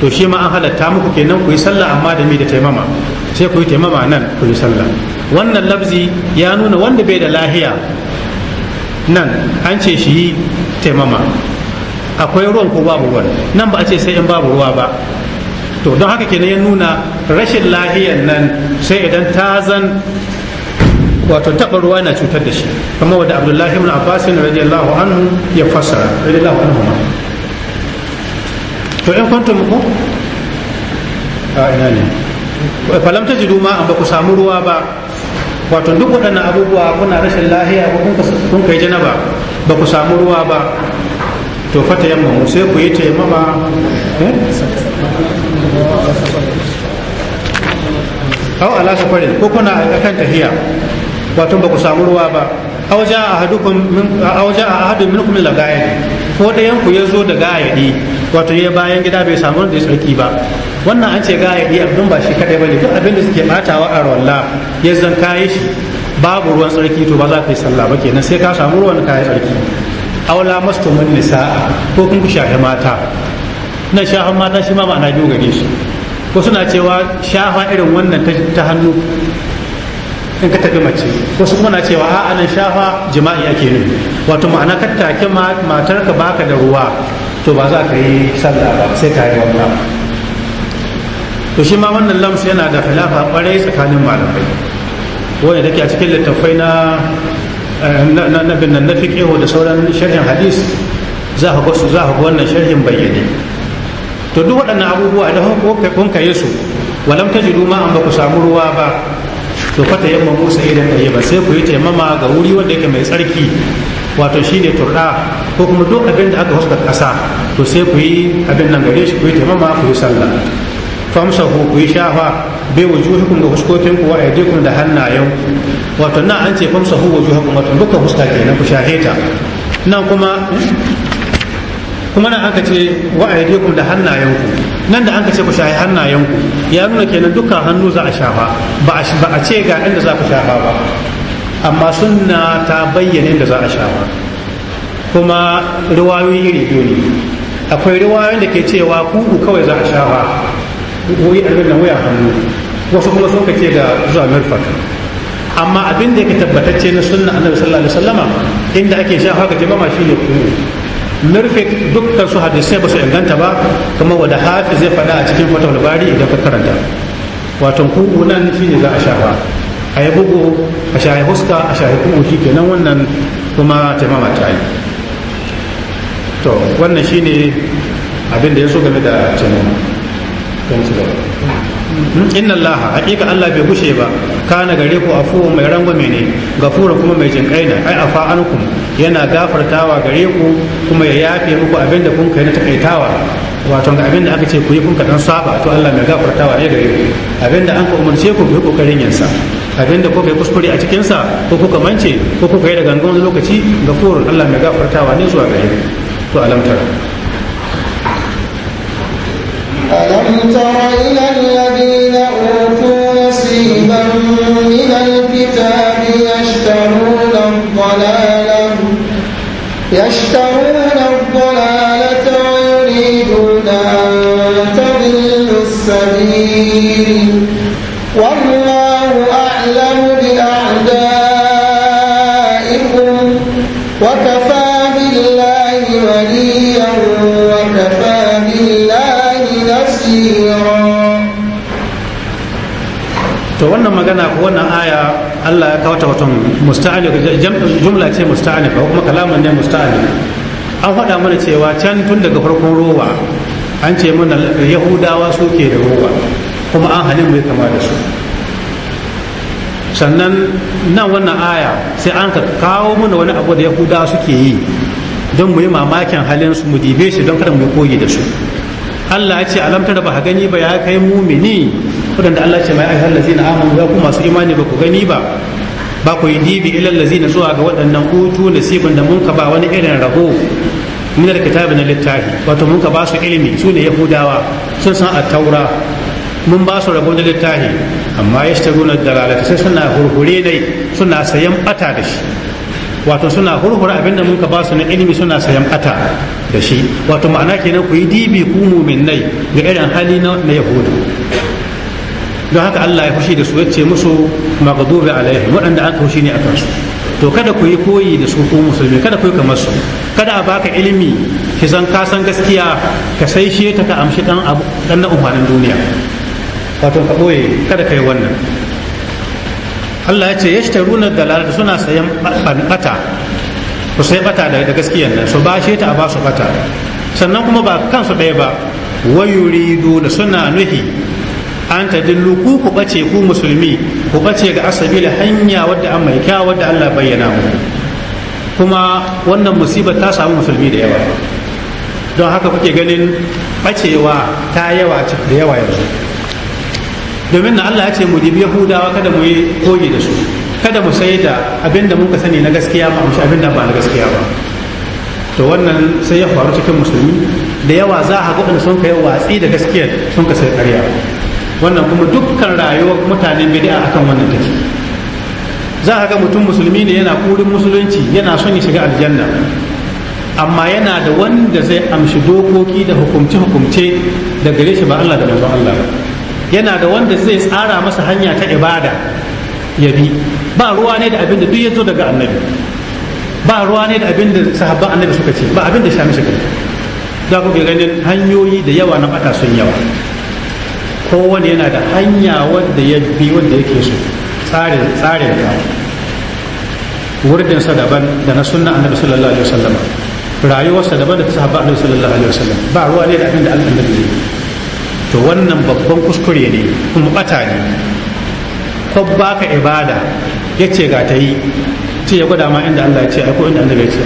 to shi ma an halatta muku kenan ku yi sallah amma da mi da taimama sai ku yi taimama nan ku yi sallah wannan labzi ya nuna wanda bai da lahiya nan an ce shi yi taimama akwai ruwan ko babu ruwan nan ba a ce sai in babu ruwa ba to don haka kenan ya nuna rashin lahiyan nan sai idan ta zan wato taɓa ruwa yana cutar da shi kamar wadda abdullahi ibn abbas allahu anhu ya fassara allahu anhu ma to in kwantum ko a ina ne falam ta jidu ma an ba ku samu ruwa ba wato duk waɗannan abubuwa kuna rashin lahiya ko kun kai janaba ba ku samu ruwa ba to fata yamma mu sai ku yi taimama eh? au ala safarin ko kuna akan tahiya wato ba ku samu ruwa ba auja a hadu min minkum ila ga'id ko dayan ku yazo da gayadi wato ya bayan gida bai samu da sarki ba wannan an ce gayadi abin ba shi kadai bane duk abin da suke batawa a rolla ya zan kayi shi babu ruwan sarki to ba za ka yi sallah ba kenan sai ka samu ruwan kayi sarki aula mastumun nisa'a ko kun ku shahe mata na shahan mata shi ma ma'ana biyu gare shi ko suna cewa shafa irin wannan ta hannu in ka tafi mace wasu kuma na cewa a anan shafa jima'i ake nufi wato ma'ana ka take matar ka baka da ruwa to ba za ka yi sallah ba sai ka yi wannan to shi ma wannan lamsu yana da khilafa kwarai tsakanin malamai wanda take a cikin littattafai na eh, na bin nan na da sauran sharhin hadis za ka ga su za ka wannan sharhin bayyane to duk waɗannan abubuwa da kun kai su walam tajidu ma an ba ku samu ruwa ba to fata yamma musa idan da ba sai ku yi taimama ga wuri wanda yake mai tsarki wato shine turɗa ko kuma duk abin da aka huska kasa to sai ku yi abin nan gare shi ku yi taimama ku yi sallah famsa ku yi shafa bai wujuhukum ga ku wa aydikum da hannayen wato na an ce famsahu wujuhukum wato dukkan huska kenan ku shahe ta nan kuma kuma na aka ce wa aydikum da hannayen ku. nan da an ka ce ku shahi hannayenku ya nuna kenan duka hannu za a shafa ba a ce ga inda za ku shafa ba amma sunna ta bayyana inda za a shafa kuma riwayoyi iri biyu ne akwai riwayoyin da ke cewa kuku kawai za a shafa wuyi a na wuya hannu wasu kuma sun ka ce da zuwa mirfaka amma abin da yake tabbatacce na sunna annabi sallallahu alaihi wasallama inda ake shafa ga jama'a ne kuku. mirfik dukkan su hadisai ba su inganta ba kamar wadda hafi zai faɗa a cikin fatawar bari idan ka karanta wato kuku nan shi ne za a shafa a yi bugu a shahi huska a shahi kuku shi kenan wannan kuma taimama ta yi to wannan shine abin da ya so game da taimama inna allaha hakika allah bai gushe ba kana gare ku afuwa mai rangwame ne gafura kuma mai jinkai ne ai afa ankum yana gafartawa gare ku kuma ya yafe muku abinda kun kai na takaitawa wato ga abinda aka ce ku yi kun kadan saba to allah mai gafartawa ne gare ku abinda an ka umarce ku ku yi kokarin yansa abinda kuka yi kuskure a cikinsa ko kuka mance ko kuka yi da gangan lokaci gafurun allah mai gafartawa ne zuwa gare ku to alamtar. ألم تر إلى الذين أوتوا نصيبا من الكتاب to wannan magana ko wannan aya Allah ya kawo ta wato musta'anif jumla ce musta'anif ko kuma kalamun ne musta'anif an faɗa mana cewa can tun daga farkon roba an ce mana yahudawa su ke da roba kuma an halin mai kama da su sannan nan wannan aya sai an ka kawo mana wani abu da yahudawa suke yi don mu yi mamakin halin su mu dibe shi don kada mu kogi da su Allah ya ce alamtar ba gani ba ya kai mumini wadanda Allah ce mai lazi na amon ya kuma masu imani ba ku gani ba ba ku yi dibi ilal na zuwa ga waɗannan hutu da sifin da mun ka ba wani irin rabo min alkitabi na littafi wato mun ka ba su ilimi su ne yahudawa sun san at-taura mun ba su rabo na littafi amma ya yashtaruna dalalata sai suna hurhure dai suna sayan bata da shi wato suna hurhura abinda mun ka ba su na ilimi suna sayan bata da shi wato ma'ana kenan ku yi dibi ku muminai ga irin hali na yahudu don haka Allah ya fushi da su yace musu maghdubi alaihim waɗanda aka fushi ne a su to kada ku yi koyi da su ko musulmi kada ku yi kamar su kada a baka ilimi ki san ka san gaskiya ka sai shi ta ka amshi dan abu dan na umarin duniya wato ka boye kada kai wannan Allah ya ce yashtaruna dalal suna sayan bata ku sai bata da gaskiyar nan su bashe ta a ba su bata sannan kuma ba kansu ɗaya ba wayuridu da suna nuhi an ta dillu ku ku bace ku musulmi ku bace ga asabila hanya wadda an mai kya wadda Allah bayyana mu kuma wannan musibar ta samu musulmi da yawa don haka kuke ganin bacewa ta yawa da yawa yanzu domin na Allah ya ce mu dibi Yahudawa kada mu yi koyi da su kada mu sai da abin da muka sani na gaskiya ba mu abinda abin da ba na gaskiya ba to wannan sai ya faru cikin musulmi da yawa za a ga sun kai watsi da gaskiyar sun ka sai ƙarya wannan kuma dukkan rayuwar mutanen bid'a akan wannan take za ka ga mutum musulmi ne yana kurin musulunci yana son ya shiga aljanna amma yana da wanda zai amshi dokoki da hukumce-hukumce da gare shi ba Allah da manzon Allah ba yana da wanda zai tsara masa hanya ta ibada ya bi ba ruwa ne da abin da duk ya zo daga annabi ba ruwa ne da abin da sahabban annabi suka ce ba abin da sha kai za ku ga ganin hanyoyi da yawa na bata sun yawa kowane yana da hanya wadda ya bi wadda yake so tsarin tsarin ka wurdinsa daban da na sunna annabi sallallahu alaihi wasallam rayuwarsa daban da ta sahaba annabi sallallahu alaihi wasallam ba ruwa ne da abin da annabi ne to wannan babban kuskure ne kuma bata ne ko baka ibada yace ga ta yi ce ya gwada ma inda Allah ya ce ai ko inda annabi ya ce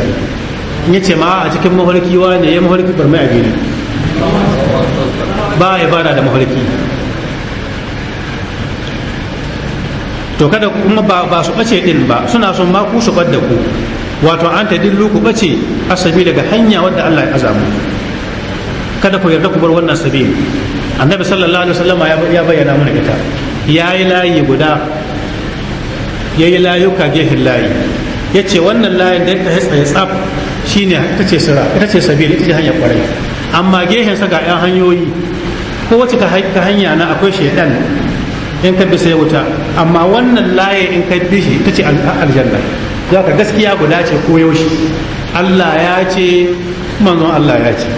in yace ma a cikin wa ne ya mafarki bar mai a gini ba ibada da mafarki to kada kuma ba su bace din ba suna son ma ku su bar da ku wato an ta dillu ku bace asabi daga hanya wadda Allah ya azamu kada ku yarda ku bar wannan sabili annabi sallallahu alaihi wasallam ya bayyana mana ita yayi layi guda yayi layuka gehin layi yace wannan layin da ta ya tsaf shine ita ce sira ita ce sabili ita ce hanya kwarai amma gehen sa ga yan hanyoyi ko wace ka hanya na akwai shaidan in ka bi sai wuta amma wannan laye in ka bi shi ita ce aljanna za ka gaskiya guda ce ko yaushe Allah ya ce manzon Allah ya ce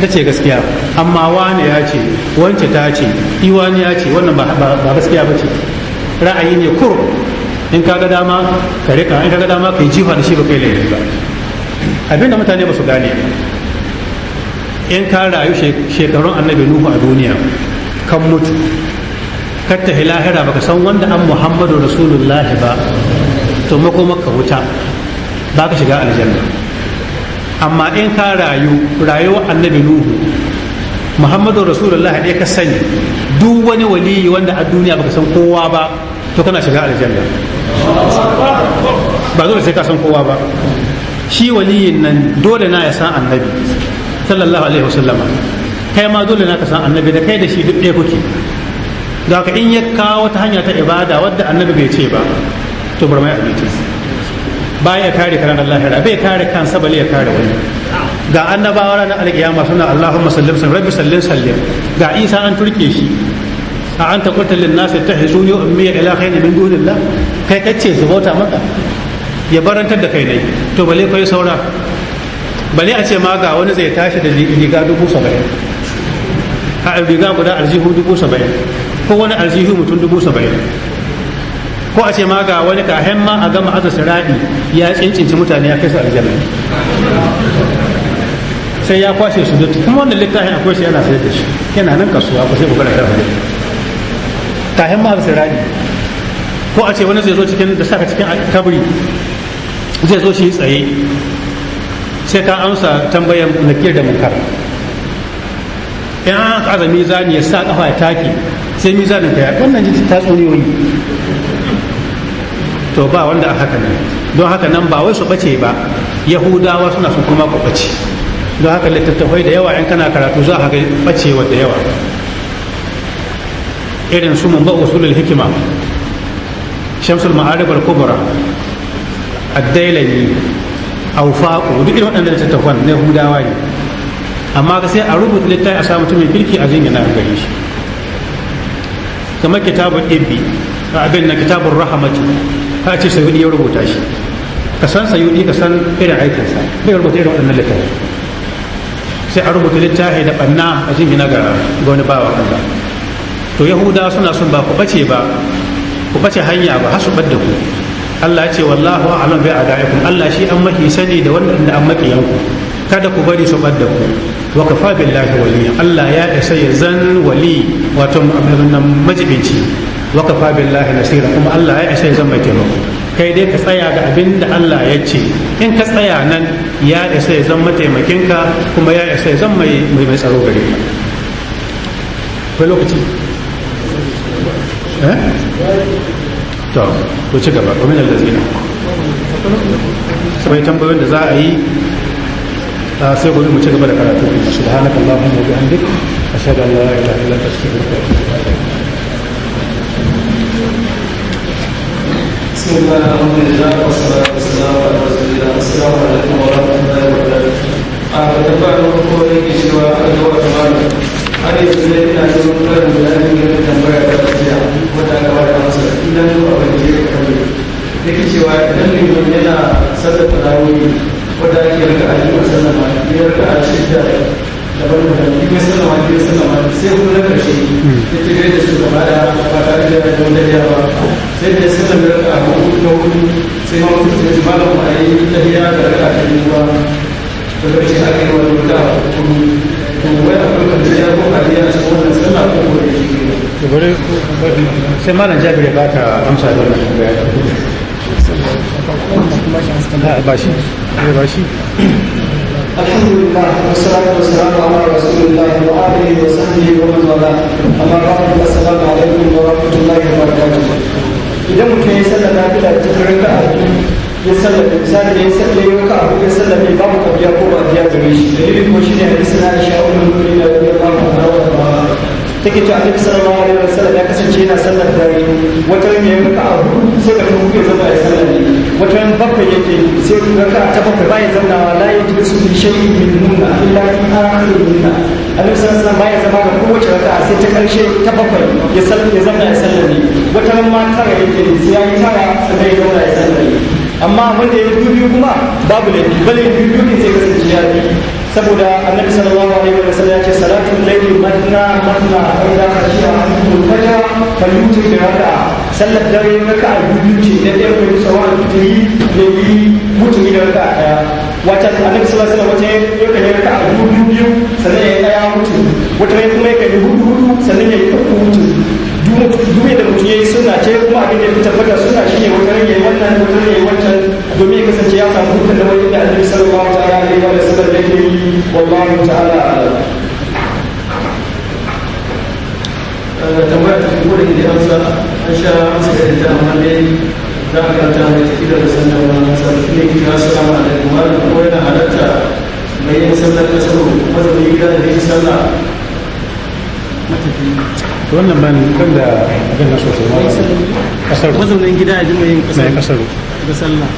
ita ce gaskiya amma wani ya ce wance ta ce iwani ya ce wannan ba gaskiya ba ce ra'ayi ne kur in ka ga dama ka rika in ka ga dama ka yi jifa da shi ba kai laifi ba da mutane ba su gane in ka rayu shekarun annabi nuhu a duniya kan mutu ka tafi lahira baka san wanda an muhammadu rasulullah ba to mako ka wuta ba ka shiga aljanna amma in ka rayu rayuwa annabi nuhu muhammadu rasulullah ɗaya ka sani duk wani waliyi wanda a duniya baka san kowa ba to kana shiga aljanna ba dole sai ka san kowa ba shi waliyin nan dole na ya san annabi sallallahu alaihi wasallama kai ma dole na ka san annabi da kai da shi duk ɗaya kuke da ka in ya kawo wata hanya ta ibada wadda annabi bai ce ba to bar mai abinci baya kare karan lahira bai kare kansa bale ya kare wani ga annabawa ranar alkiyama suna Allahumma sallim sallim rabbi sallim sallim ga Isa an turke shi a an takwata lin nasu ta hizu ne ila khayri min dunillah kai kace su bauta maka ya barantar da kai ne to bale kai saura bale a ce ma ga wani zai tashi da riga dubu saba'in a riga guda aljihu dubu saba'in ko wani aljihu mutum dubu saba'in ko a ce ma ga wani ka hemma a gama aza siradi ya tsincinci mutane ya kai su aljanna sai ya kwashe su duk kuma wannan littafin akwai shi yana sayar da shi yana nan kasuwa ko sai ku gara kafa kahen hemma aza siradi ko a ce wani zai zo cikin da saka cikin kabri zai zo shi tsaye sai ka amsa tambayar nakir da munkar in an azami zani ya sa kafa ya take sai mizanin ka ya wannan ji tatsuniyoyi to ba wanda a haka nan don haka nan ba wai su bace ba yahudawa suna su kuma ku bace don haka littattafai da yawa in kana karatu za a ga bacewa da yawa irin su mumba usulul hikima shamsul ma'arib al-kubra ad-dailani awfaqu duk irin waɗannan littattafan na yahudawa ne amma sai a rubuta littafi a samu mutumin kirki a yana gare shi kamar kitabun a abin na kitabun rahamatu ka ce sayudi ya rubuta shi ka san sayudi ka san irin aikinsa bai rubuta irin waɗannan littafi sai a rubuta littafi da ɓanna a jingina ga wani bawa Allah to yahuda suna sun ba ku bace ba ku bace hanya ba har su ɓad da ku Allah ya ce wallahu a'lam bi a'daikum Allah shi an maki sani da wanda an yanku kada ku bari su bar da ku waka kafa billahi waliya Allah ya isa ya zan wali wato majibinci waka kafa billahi nasira kuma Allah ya isa ya zan mai taimako kai dai ka tsaya ga abin da Allah ya ce in ka tsaya nan ya isa ya zan mataimakinka kuma ya isa ya zan mai mai tsaro gare ka akwai lokaci eh to ku ci gaba kuma da lazina akwai tambayoyin da za a yi sai gobe mu ci gaba da karatu subhanaka allahumma wa bihamdik ashhadu an la ilaha illa anta astaghfiruka wa da tambaya da amsa ina da ya idan liman yana sassa tarawih wadda ake rika a jiwa sallama ya rika a shidda daban daban duk mai sallama biyu sallama sai kuma na karshe ya ci gaida su gaba da ba tare da yadda wanda ya ba sai da sallama ya rika a hudu na hudu sai ma mutum sai ma da kuma yi ta biya da rika a yi ba da karshe yi wani wuta a hudu kuma wai akwai karshe ya kuma a biya a wannan sallah ko kuma ya shi bari sai malam jabir ya baka amsa da wannan ba shi ba shi الحمد لله والصلاة والسلام على رسول الله وآله وصحبه ومن والاه da بعد السلام عليكم ya sallame misali da ya sallame ya ka abu ya babu tafiya ko ba biya gare shi da ko shi ne hadisi na Aisha ummu mu'minin da ya ba mu Allah take cewa annabi sallallahu alaihi wasallam ya kasance yana sallar dare wata ran yayin raka abu sai da kuma zama ya sallar ne wata ran bakwai yake sai raka ta bai zanna zannawa la yajlisu fi shay'in min nuna illa fi akhir nuna annabi sallallahu alaihi wasallam bai zama da kowace raka sai ta karshe ta bakwai ya sallar ya zanna ya sallar ne wata ran ma tara yake sai ya tara sai ya zanna ya sallar ne amma wanda ya biyu kuma babu da laifi bale biyu ne sai kasance ya bi saboda annabi sallallahu alaihi wa sallam ya ce salatul layli matna matna fa idza khashiya anhum fajr falyutir bi raka'a sallar dare a biyu ce da ɗaya ko sawa fitri ne bi mutumi da raka'a daya wata annabi sallallahu alaihi wa sallam ya ce a biyu biyu sannan ya daya mutu wata ne kuma ya kai hudu hudu sannan ya yi uku mutu mutum dume da mutum yayi sunna ce kuma abin da ya fitar daga sunna shine wutar yayi wannan wutar yayi wannan domin ya kasance ya samu hutun da wani da annabi sallallahu ta'ala alaihi wa da yake yi wallahu ta'ala alam eh, tambaya ta kuma da gidan amsa an sha amsa da ita amma dai za a karanta mai tafi da rasan da wani amsa shi ne kira salamu alaikum malam ko yana halatta mai yin sallar kasaro mazauni gida da yin sallah to wannan ban ban da abin na sosai ma kasar mazaunin gida jima yin kasar kasar da sallah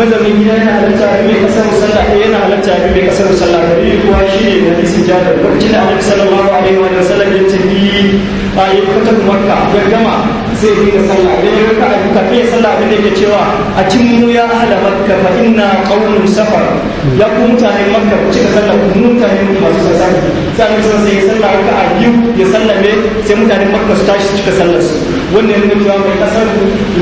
mazaunin gida yana halatta a mai kasar sallah ko yana halatta a mai kasar sallah da yi kuwa shi ne na nisan jada lokacin da alaihi sallallahu alaihi wa tafi a yi kwatar makka zai rika sallah idan ya rika abu kafin ya sallah abin da yake cewa a cimmu ya ala makka fa inna qaumun safar ya ku mutanen makka ku cika sallah ku mutane ku masu sasaki sai annabi sun sai sallah rika a biyu ya sallame sai mutane makka su tashi cika sallar su wannan ne cewa mai kasar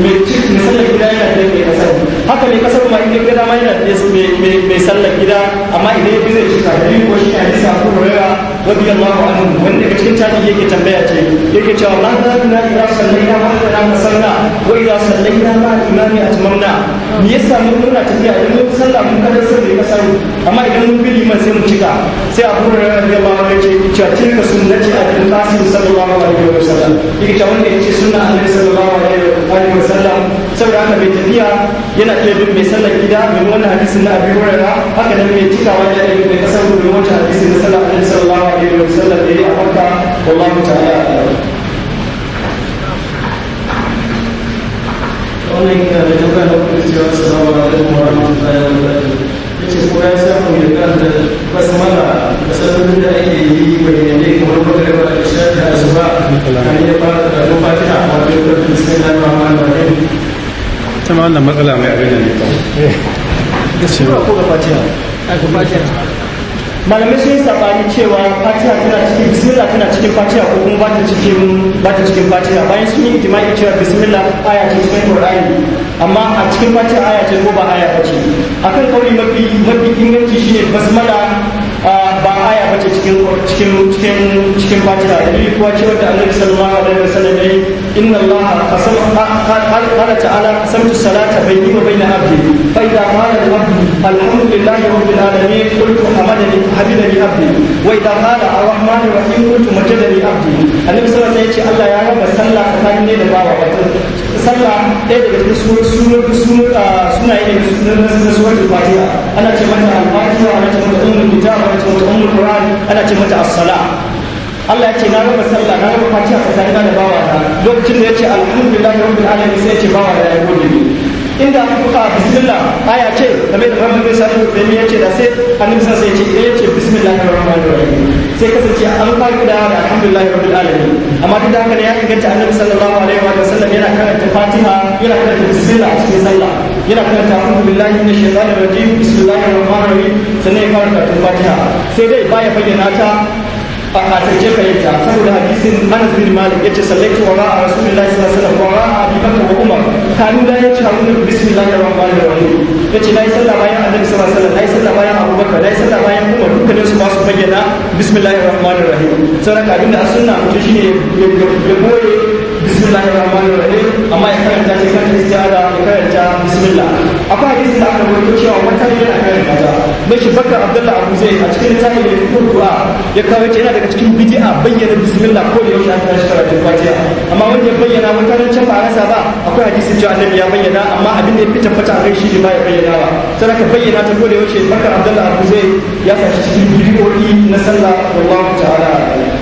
mai cika sallar gida yana da mai kasar haka ne kasar ma inda gida ma yana da mai sallar gida amma idan ya bi zai cika biyu ko shi a bisa ko rera radiyallahu anhu wanda daga cikin tabi yake tambaya ce yake cewa ma za na ira sallaina ma da na salla wa ira sallaina ma imami atmamna me yasa mun muna tafiya idan mun salla mun kada sai da kasaru amma idan mun bi liman sai mu cika sai abu radiyallahu anhu ce cewa tilka sunnati abin qasim sallallahu alaihi wa sallam yake cewa wanda yake sunna annabi sallallahu alaihi wa sallam saboda haka bai tafiya yana iya bin mai sallar gida mai wannan hadisin na abi hurairah haka nan mai cikawa yana iya bin mai kasar domin wancan hadisin na sallar annabi sallallahu sallallahu alaihi wasallam da ya haka wallahu ta'ala alam wannan yana da dukkan lokaci wa assalamu alaikum wa rahmatullahi wa barakatuh yace ko ya samu ya ganta basmala da sabbin da ake yi bayyane kamar magariba da shafi asuba ya fara da fatiha wato da bismillahir rahmanir rahim ta ma wannan matsala mai abin da ne kawai. Gaskiya eh. ko ga fatiha? Ga fatiha. malamai sun sabani cewa fatiha tana cikin bismillah tana cikin fatiha ko kuma bata cikin bata cikin fatiha bayan sun yi jima'i cewa bismillah aya ce cikin qur'ani amma a cikin fatiha aya ce ko ba aya ba ce akan kauli mafi mafi inganci shine basmala ba aya bace cikin cikin cikin cikin fatiha da biyu kuwa ce da annabi sallallahu alaihi wasallam yayi inna allaha qasam qala ta'ala qasamtu salata bayni wa bayna abdi fa idha qala alhamdulillahi rabbil alamin qultu hamadani abdi wa idha qala ar rahim qultu majadani abdi annabi sallallahu alaihi wasallam ya ce Allah ya raba sallah tsakanin ne da bawa sallah ɗaya daga cikin sunan sunan ah, sunaye ne na sunan fatiha ana ce mata ana ce mata as-sala Allah ya ce na raba sallah na raba fatiha tsakanin da bawa na lokacin da ya ce alhamdulillah rabbil alamin sai ya ce bawa da ya gode ni inda kuka bismillah aya ce game da rabbi bin sa'id bin ya ce da sai annabi sai ya ce eh, ya ce bismillahir rahmanir rahim sai kasance an fara da alhamdulillahi rabbil alamin amma duk da haka ne ya inganta annabi sallallahu alaihi wa sallam yana karanta fatiha yana karanta bismillah a cikin sallah yana karanta a'udhu billahi na shaitanir rajim bismillahir na rahim sannan ya fara karatun fatiha sai dai baya bayyana ta a kasance fahimta saboda hadisin Anas bin Malik yace sallaitu wa ra'a Rasulullahi sallallahu alaihi wasallam wa ra'a Abi Bakr wa Umar kanu da ce hanu bismillahir rahmanir rahim na nayi sallah bayan Annabi sallallahu alaihi wasallam nayi sallah bayan Abu Bakr yi sallah bayan Umar dukkanin su ba su bayyana bismillahir rahmanir rahim saboda abinda as-sunna mutum shine ya goye bismillahir rahmanir rahim amma ya karanta sai kan istiaza ya karanta bismillah akwai hadisi da aka rubuta cewa wata ne yana karanta ta mai bakar abdullah abu zai a cikin tahi da kuma ya kawo yana daga cikin bid'a bayyana bismillah ko da yaushe aka tashi karatu fatiha amma wanda ya bayyana wata ran can ba rasa ba akwai hadisi cewa annabi ya bayyana amma abin da ya fita fata a shi ba ya bayyana ba sai aka bayyana ta ko da yaushe bakar abdullah abu zai ya tashi cikin bid'o'i na sallah wallahu ta'ala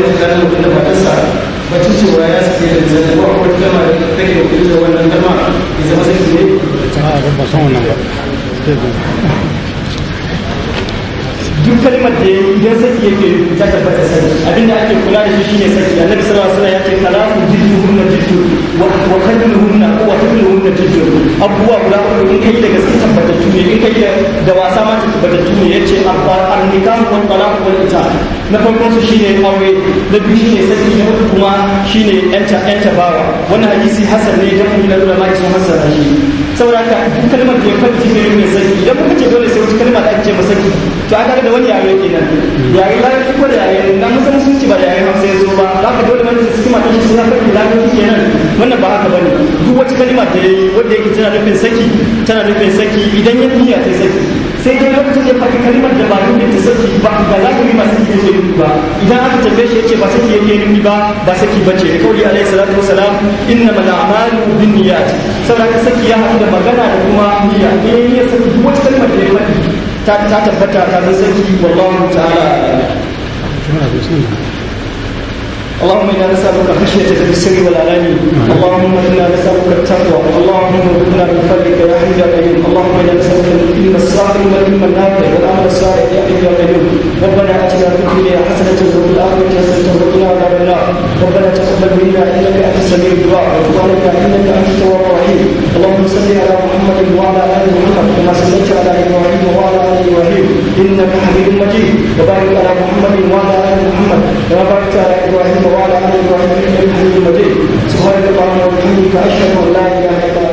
aure tsakanin mutum da matarsa bacci cewa ya suke da zai ba kuma dama da take da kudi da wannan dama ya zama sai ne? ba san wannan ba. duk kalmar da ya idan saki yake ta tabbata sani abinda ake kula da shi shine saki annabi sallallahu alaihi wasallam yake ce talaqu jidduhunna jiddu wa qadluhunna wa qadluhunna jiddu abuwa guda uku in kai da gaske tabbata tuni in kai da wasa ma tabbatattu ne yace al-nikahu wa talaqu wal ita na farko su shine aure na biyu shine saki na uku kuma shine yanta yanta bawa wannan hadisi hasan ne da kuma ulama sun hasana shi saboda haka kalmar da ya kwanci ne mai saki idan kuka ce dole sai wata kalmar da ake ce masaki to aka da wani yare nan yare ya kuka da yare na musamman sun ci ba da yare hausa ya zo ba za ka dole wani su ma ta shi za ka yi ke nan wannan ba haka bane duk wata kalmar da ya yi wanda yake tana nufin saki tana nufin saki idan ya duniya ta saki sai dai lokacin da faɗi kalmar da ba nufin ta saki ba ga zahiri ba saki yake nufi ba idan aka tambaye shi yace ba saki yake nufi ba ba saki bace da kauli alaihi salatu wasalam inna mal a'malu bin niyyat saboda saki ya haɗu da magana da kuma niyya ne eh, ne saki duk wata kalmar da ya faɗi ta tabbata ta zan saki wallahu ta'ala اللهم انا نسالك خشيتك في السر والعلاني اللهم انا نسالك التقوى اللهم اغفرنا من فضلك يا حي يا قيوم اللهم انا نسالك العلم الصالح والعلم النافع والامر الصالح يا حي يا قيوم ربنا اتنا في الدنيا حسنه وفي الاخره حسنه وقنا عذاب النار ربنا تقبل منا انك انت السميع الدعاء وتبارك انك انت التواب الرحيم اللهم صل على محمد وعلى ال محمد كما صليت على ابراهيم وعلى ال ابراهيم انك حميد مجيد وبارك على محمد وعلى ال محمد كما باركت على ابراهيم وعلى آله وصحبه أجمعين سبحانك اللهم وبحمدك أشهد أن لا إله إلا الله.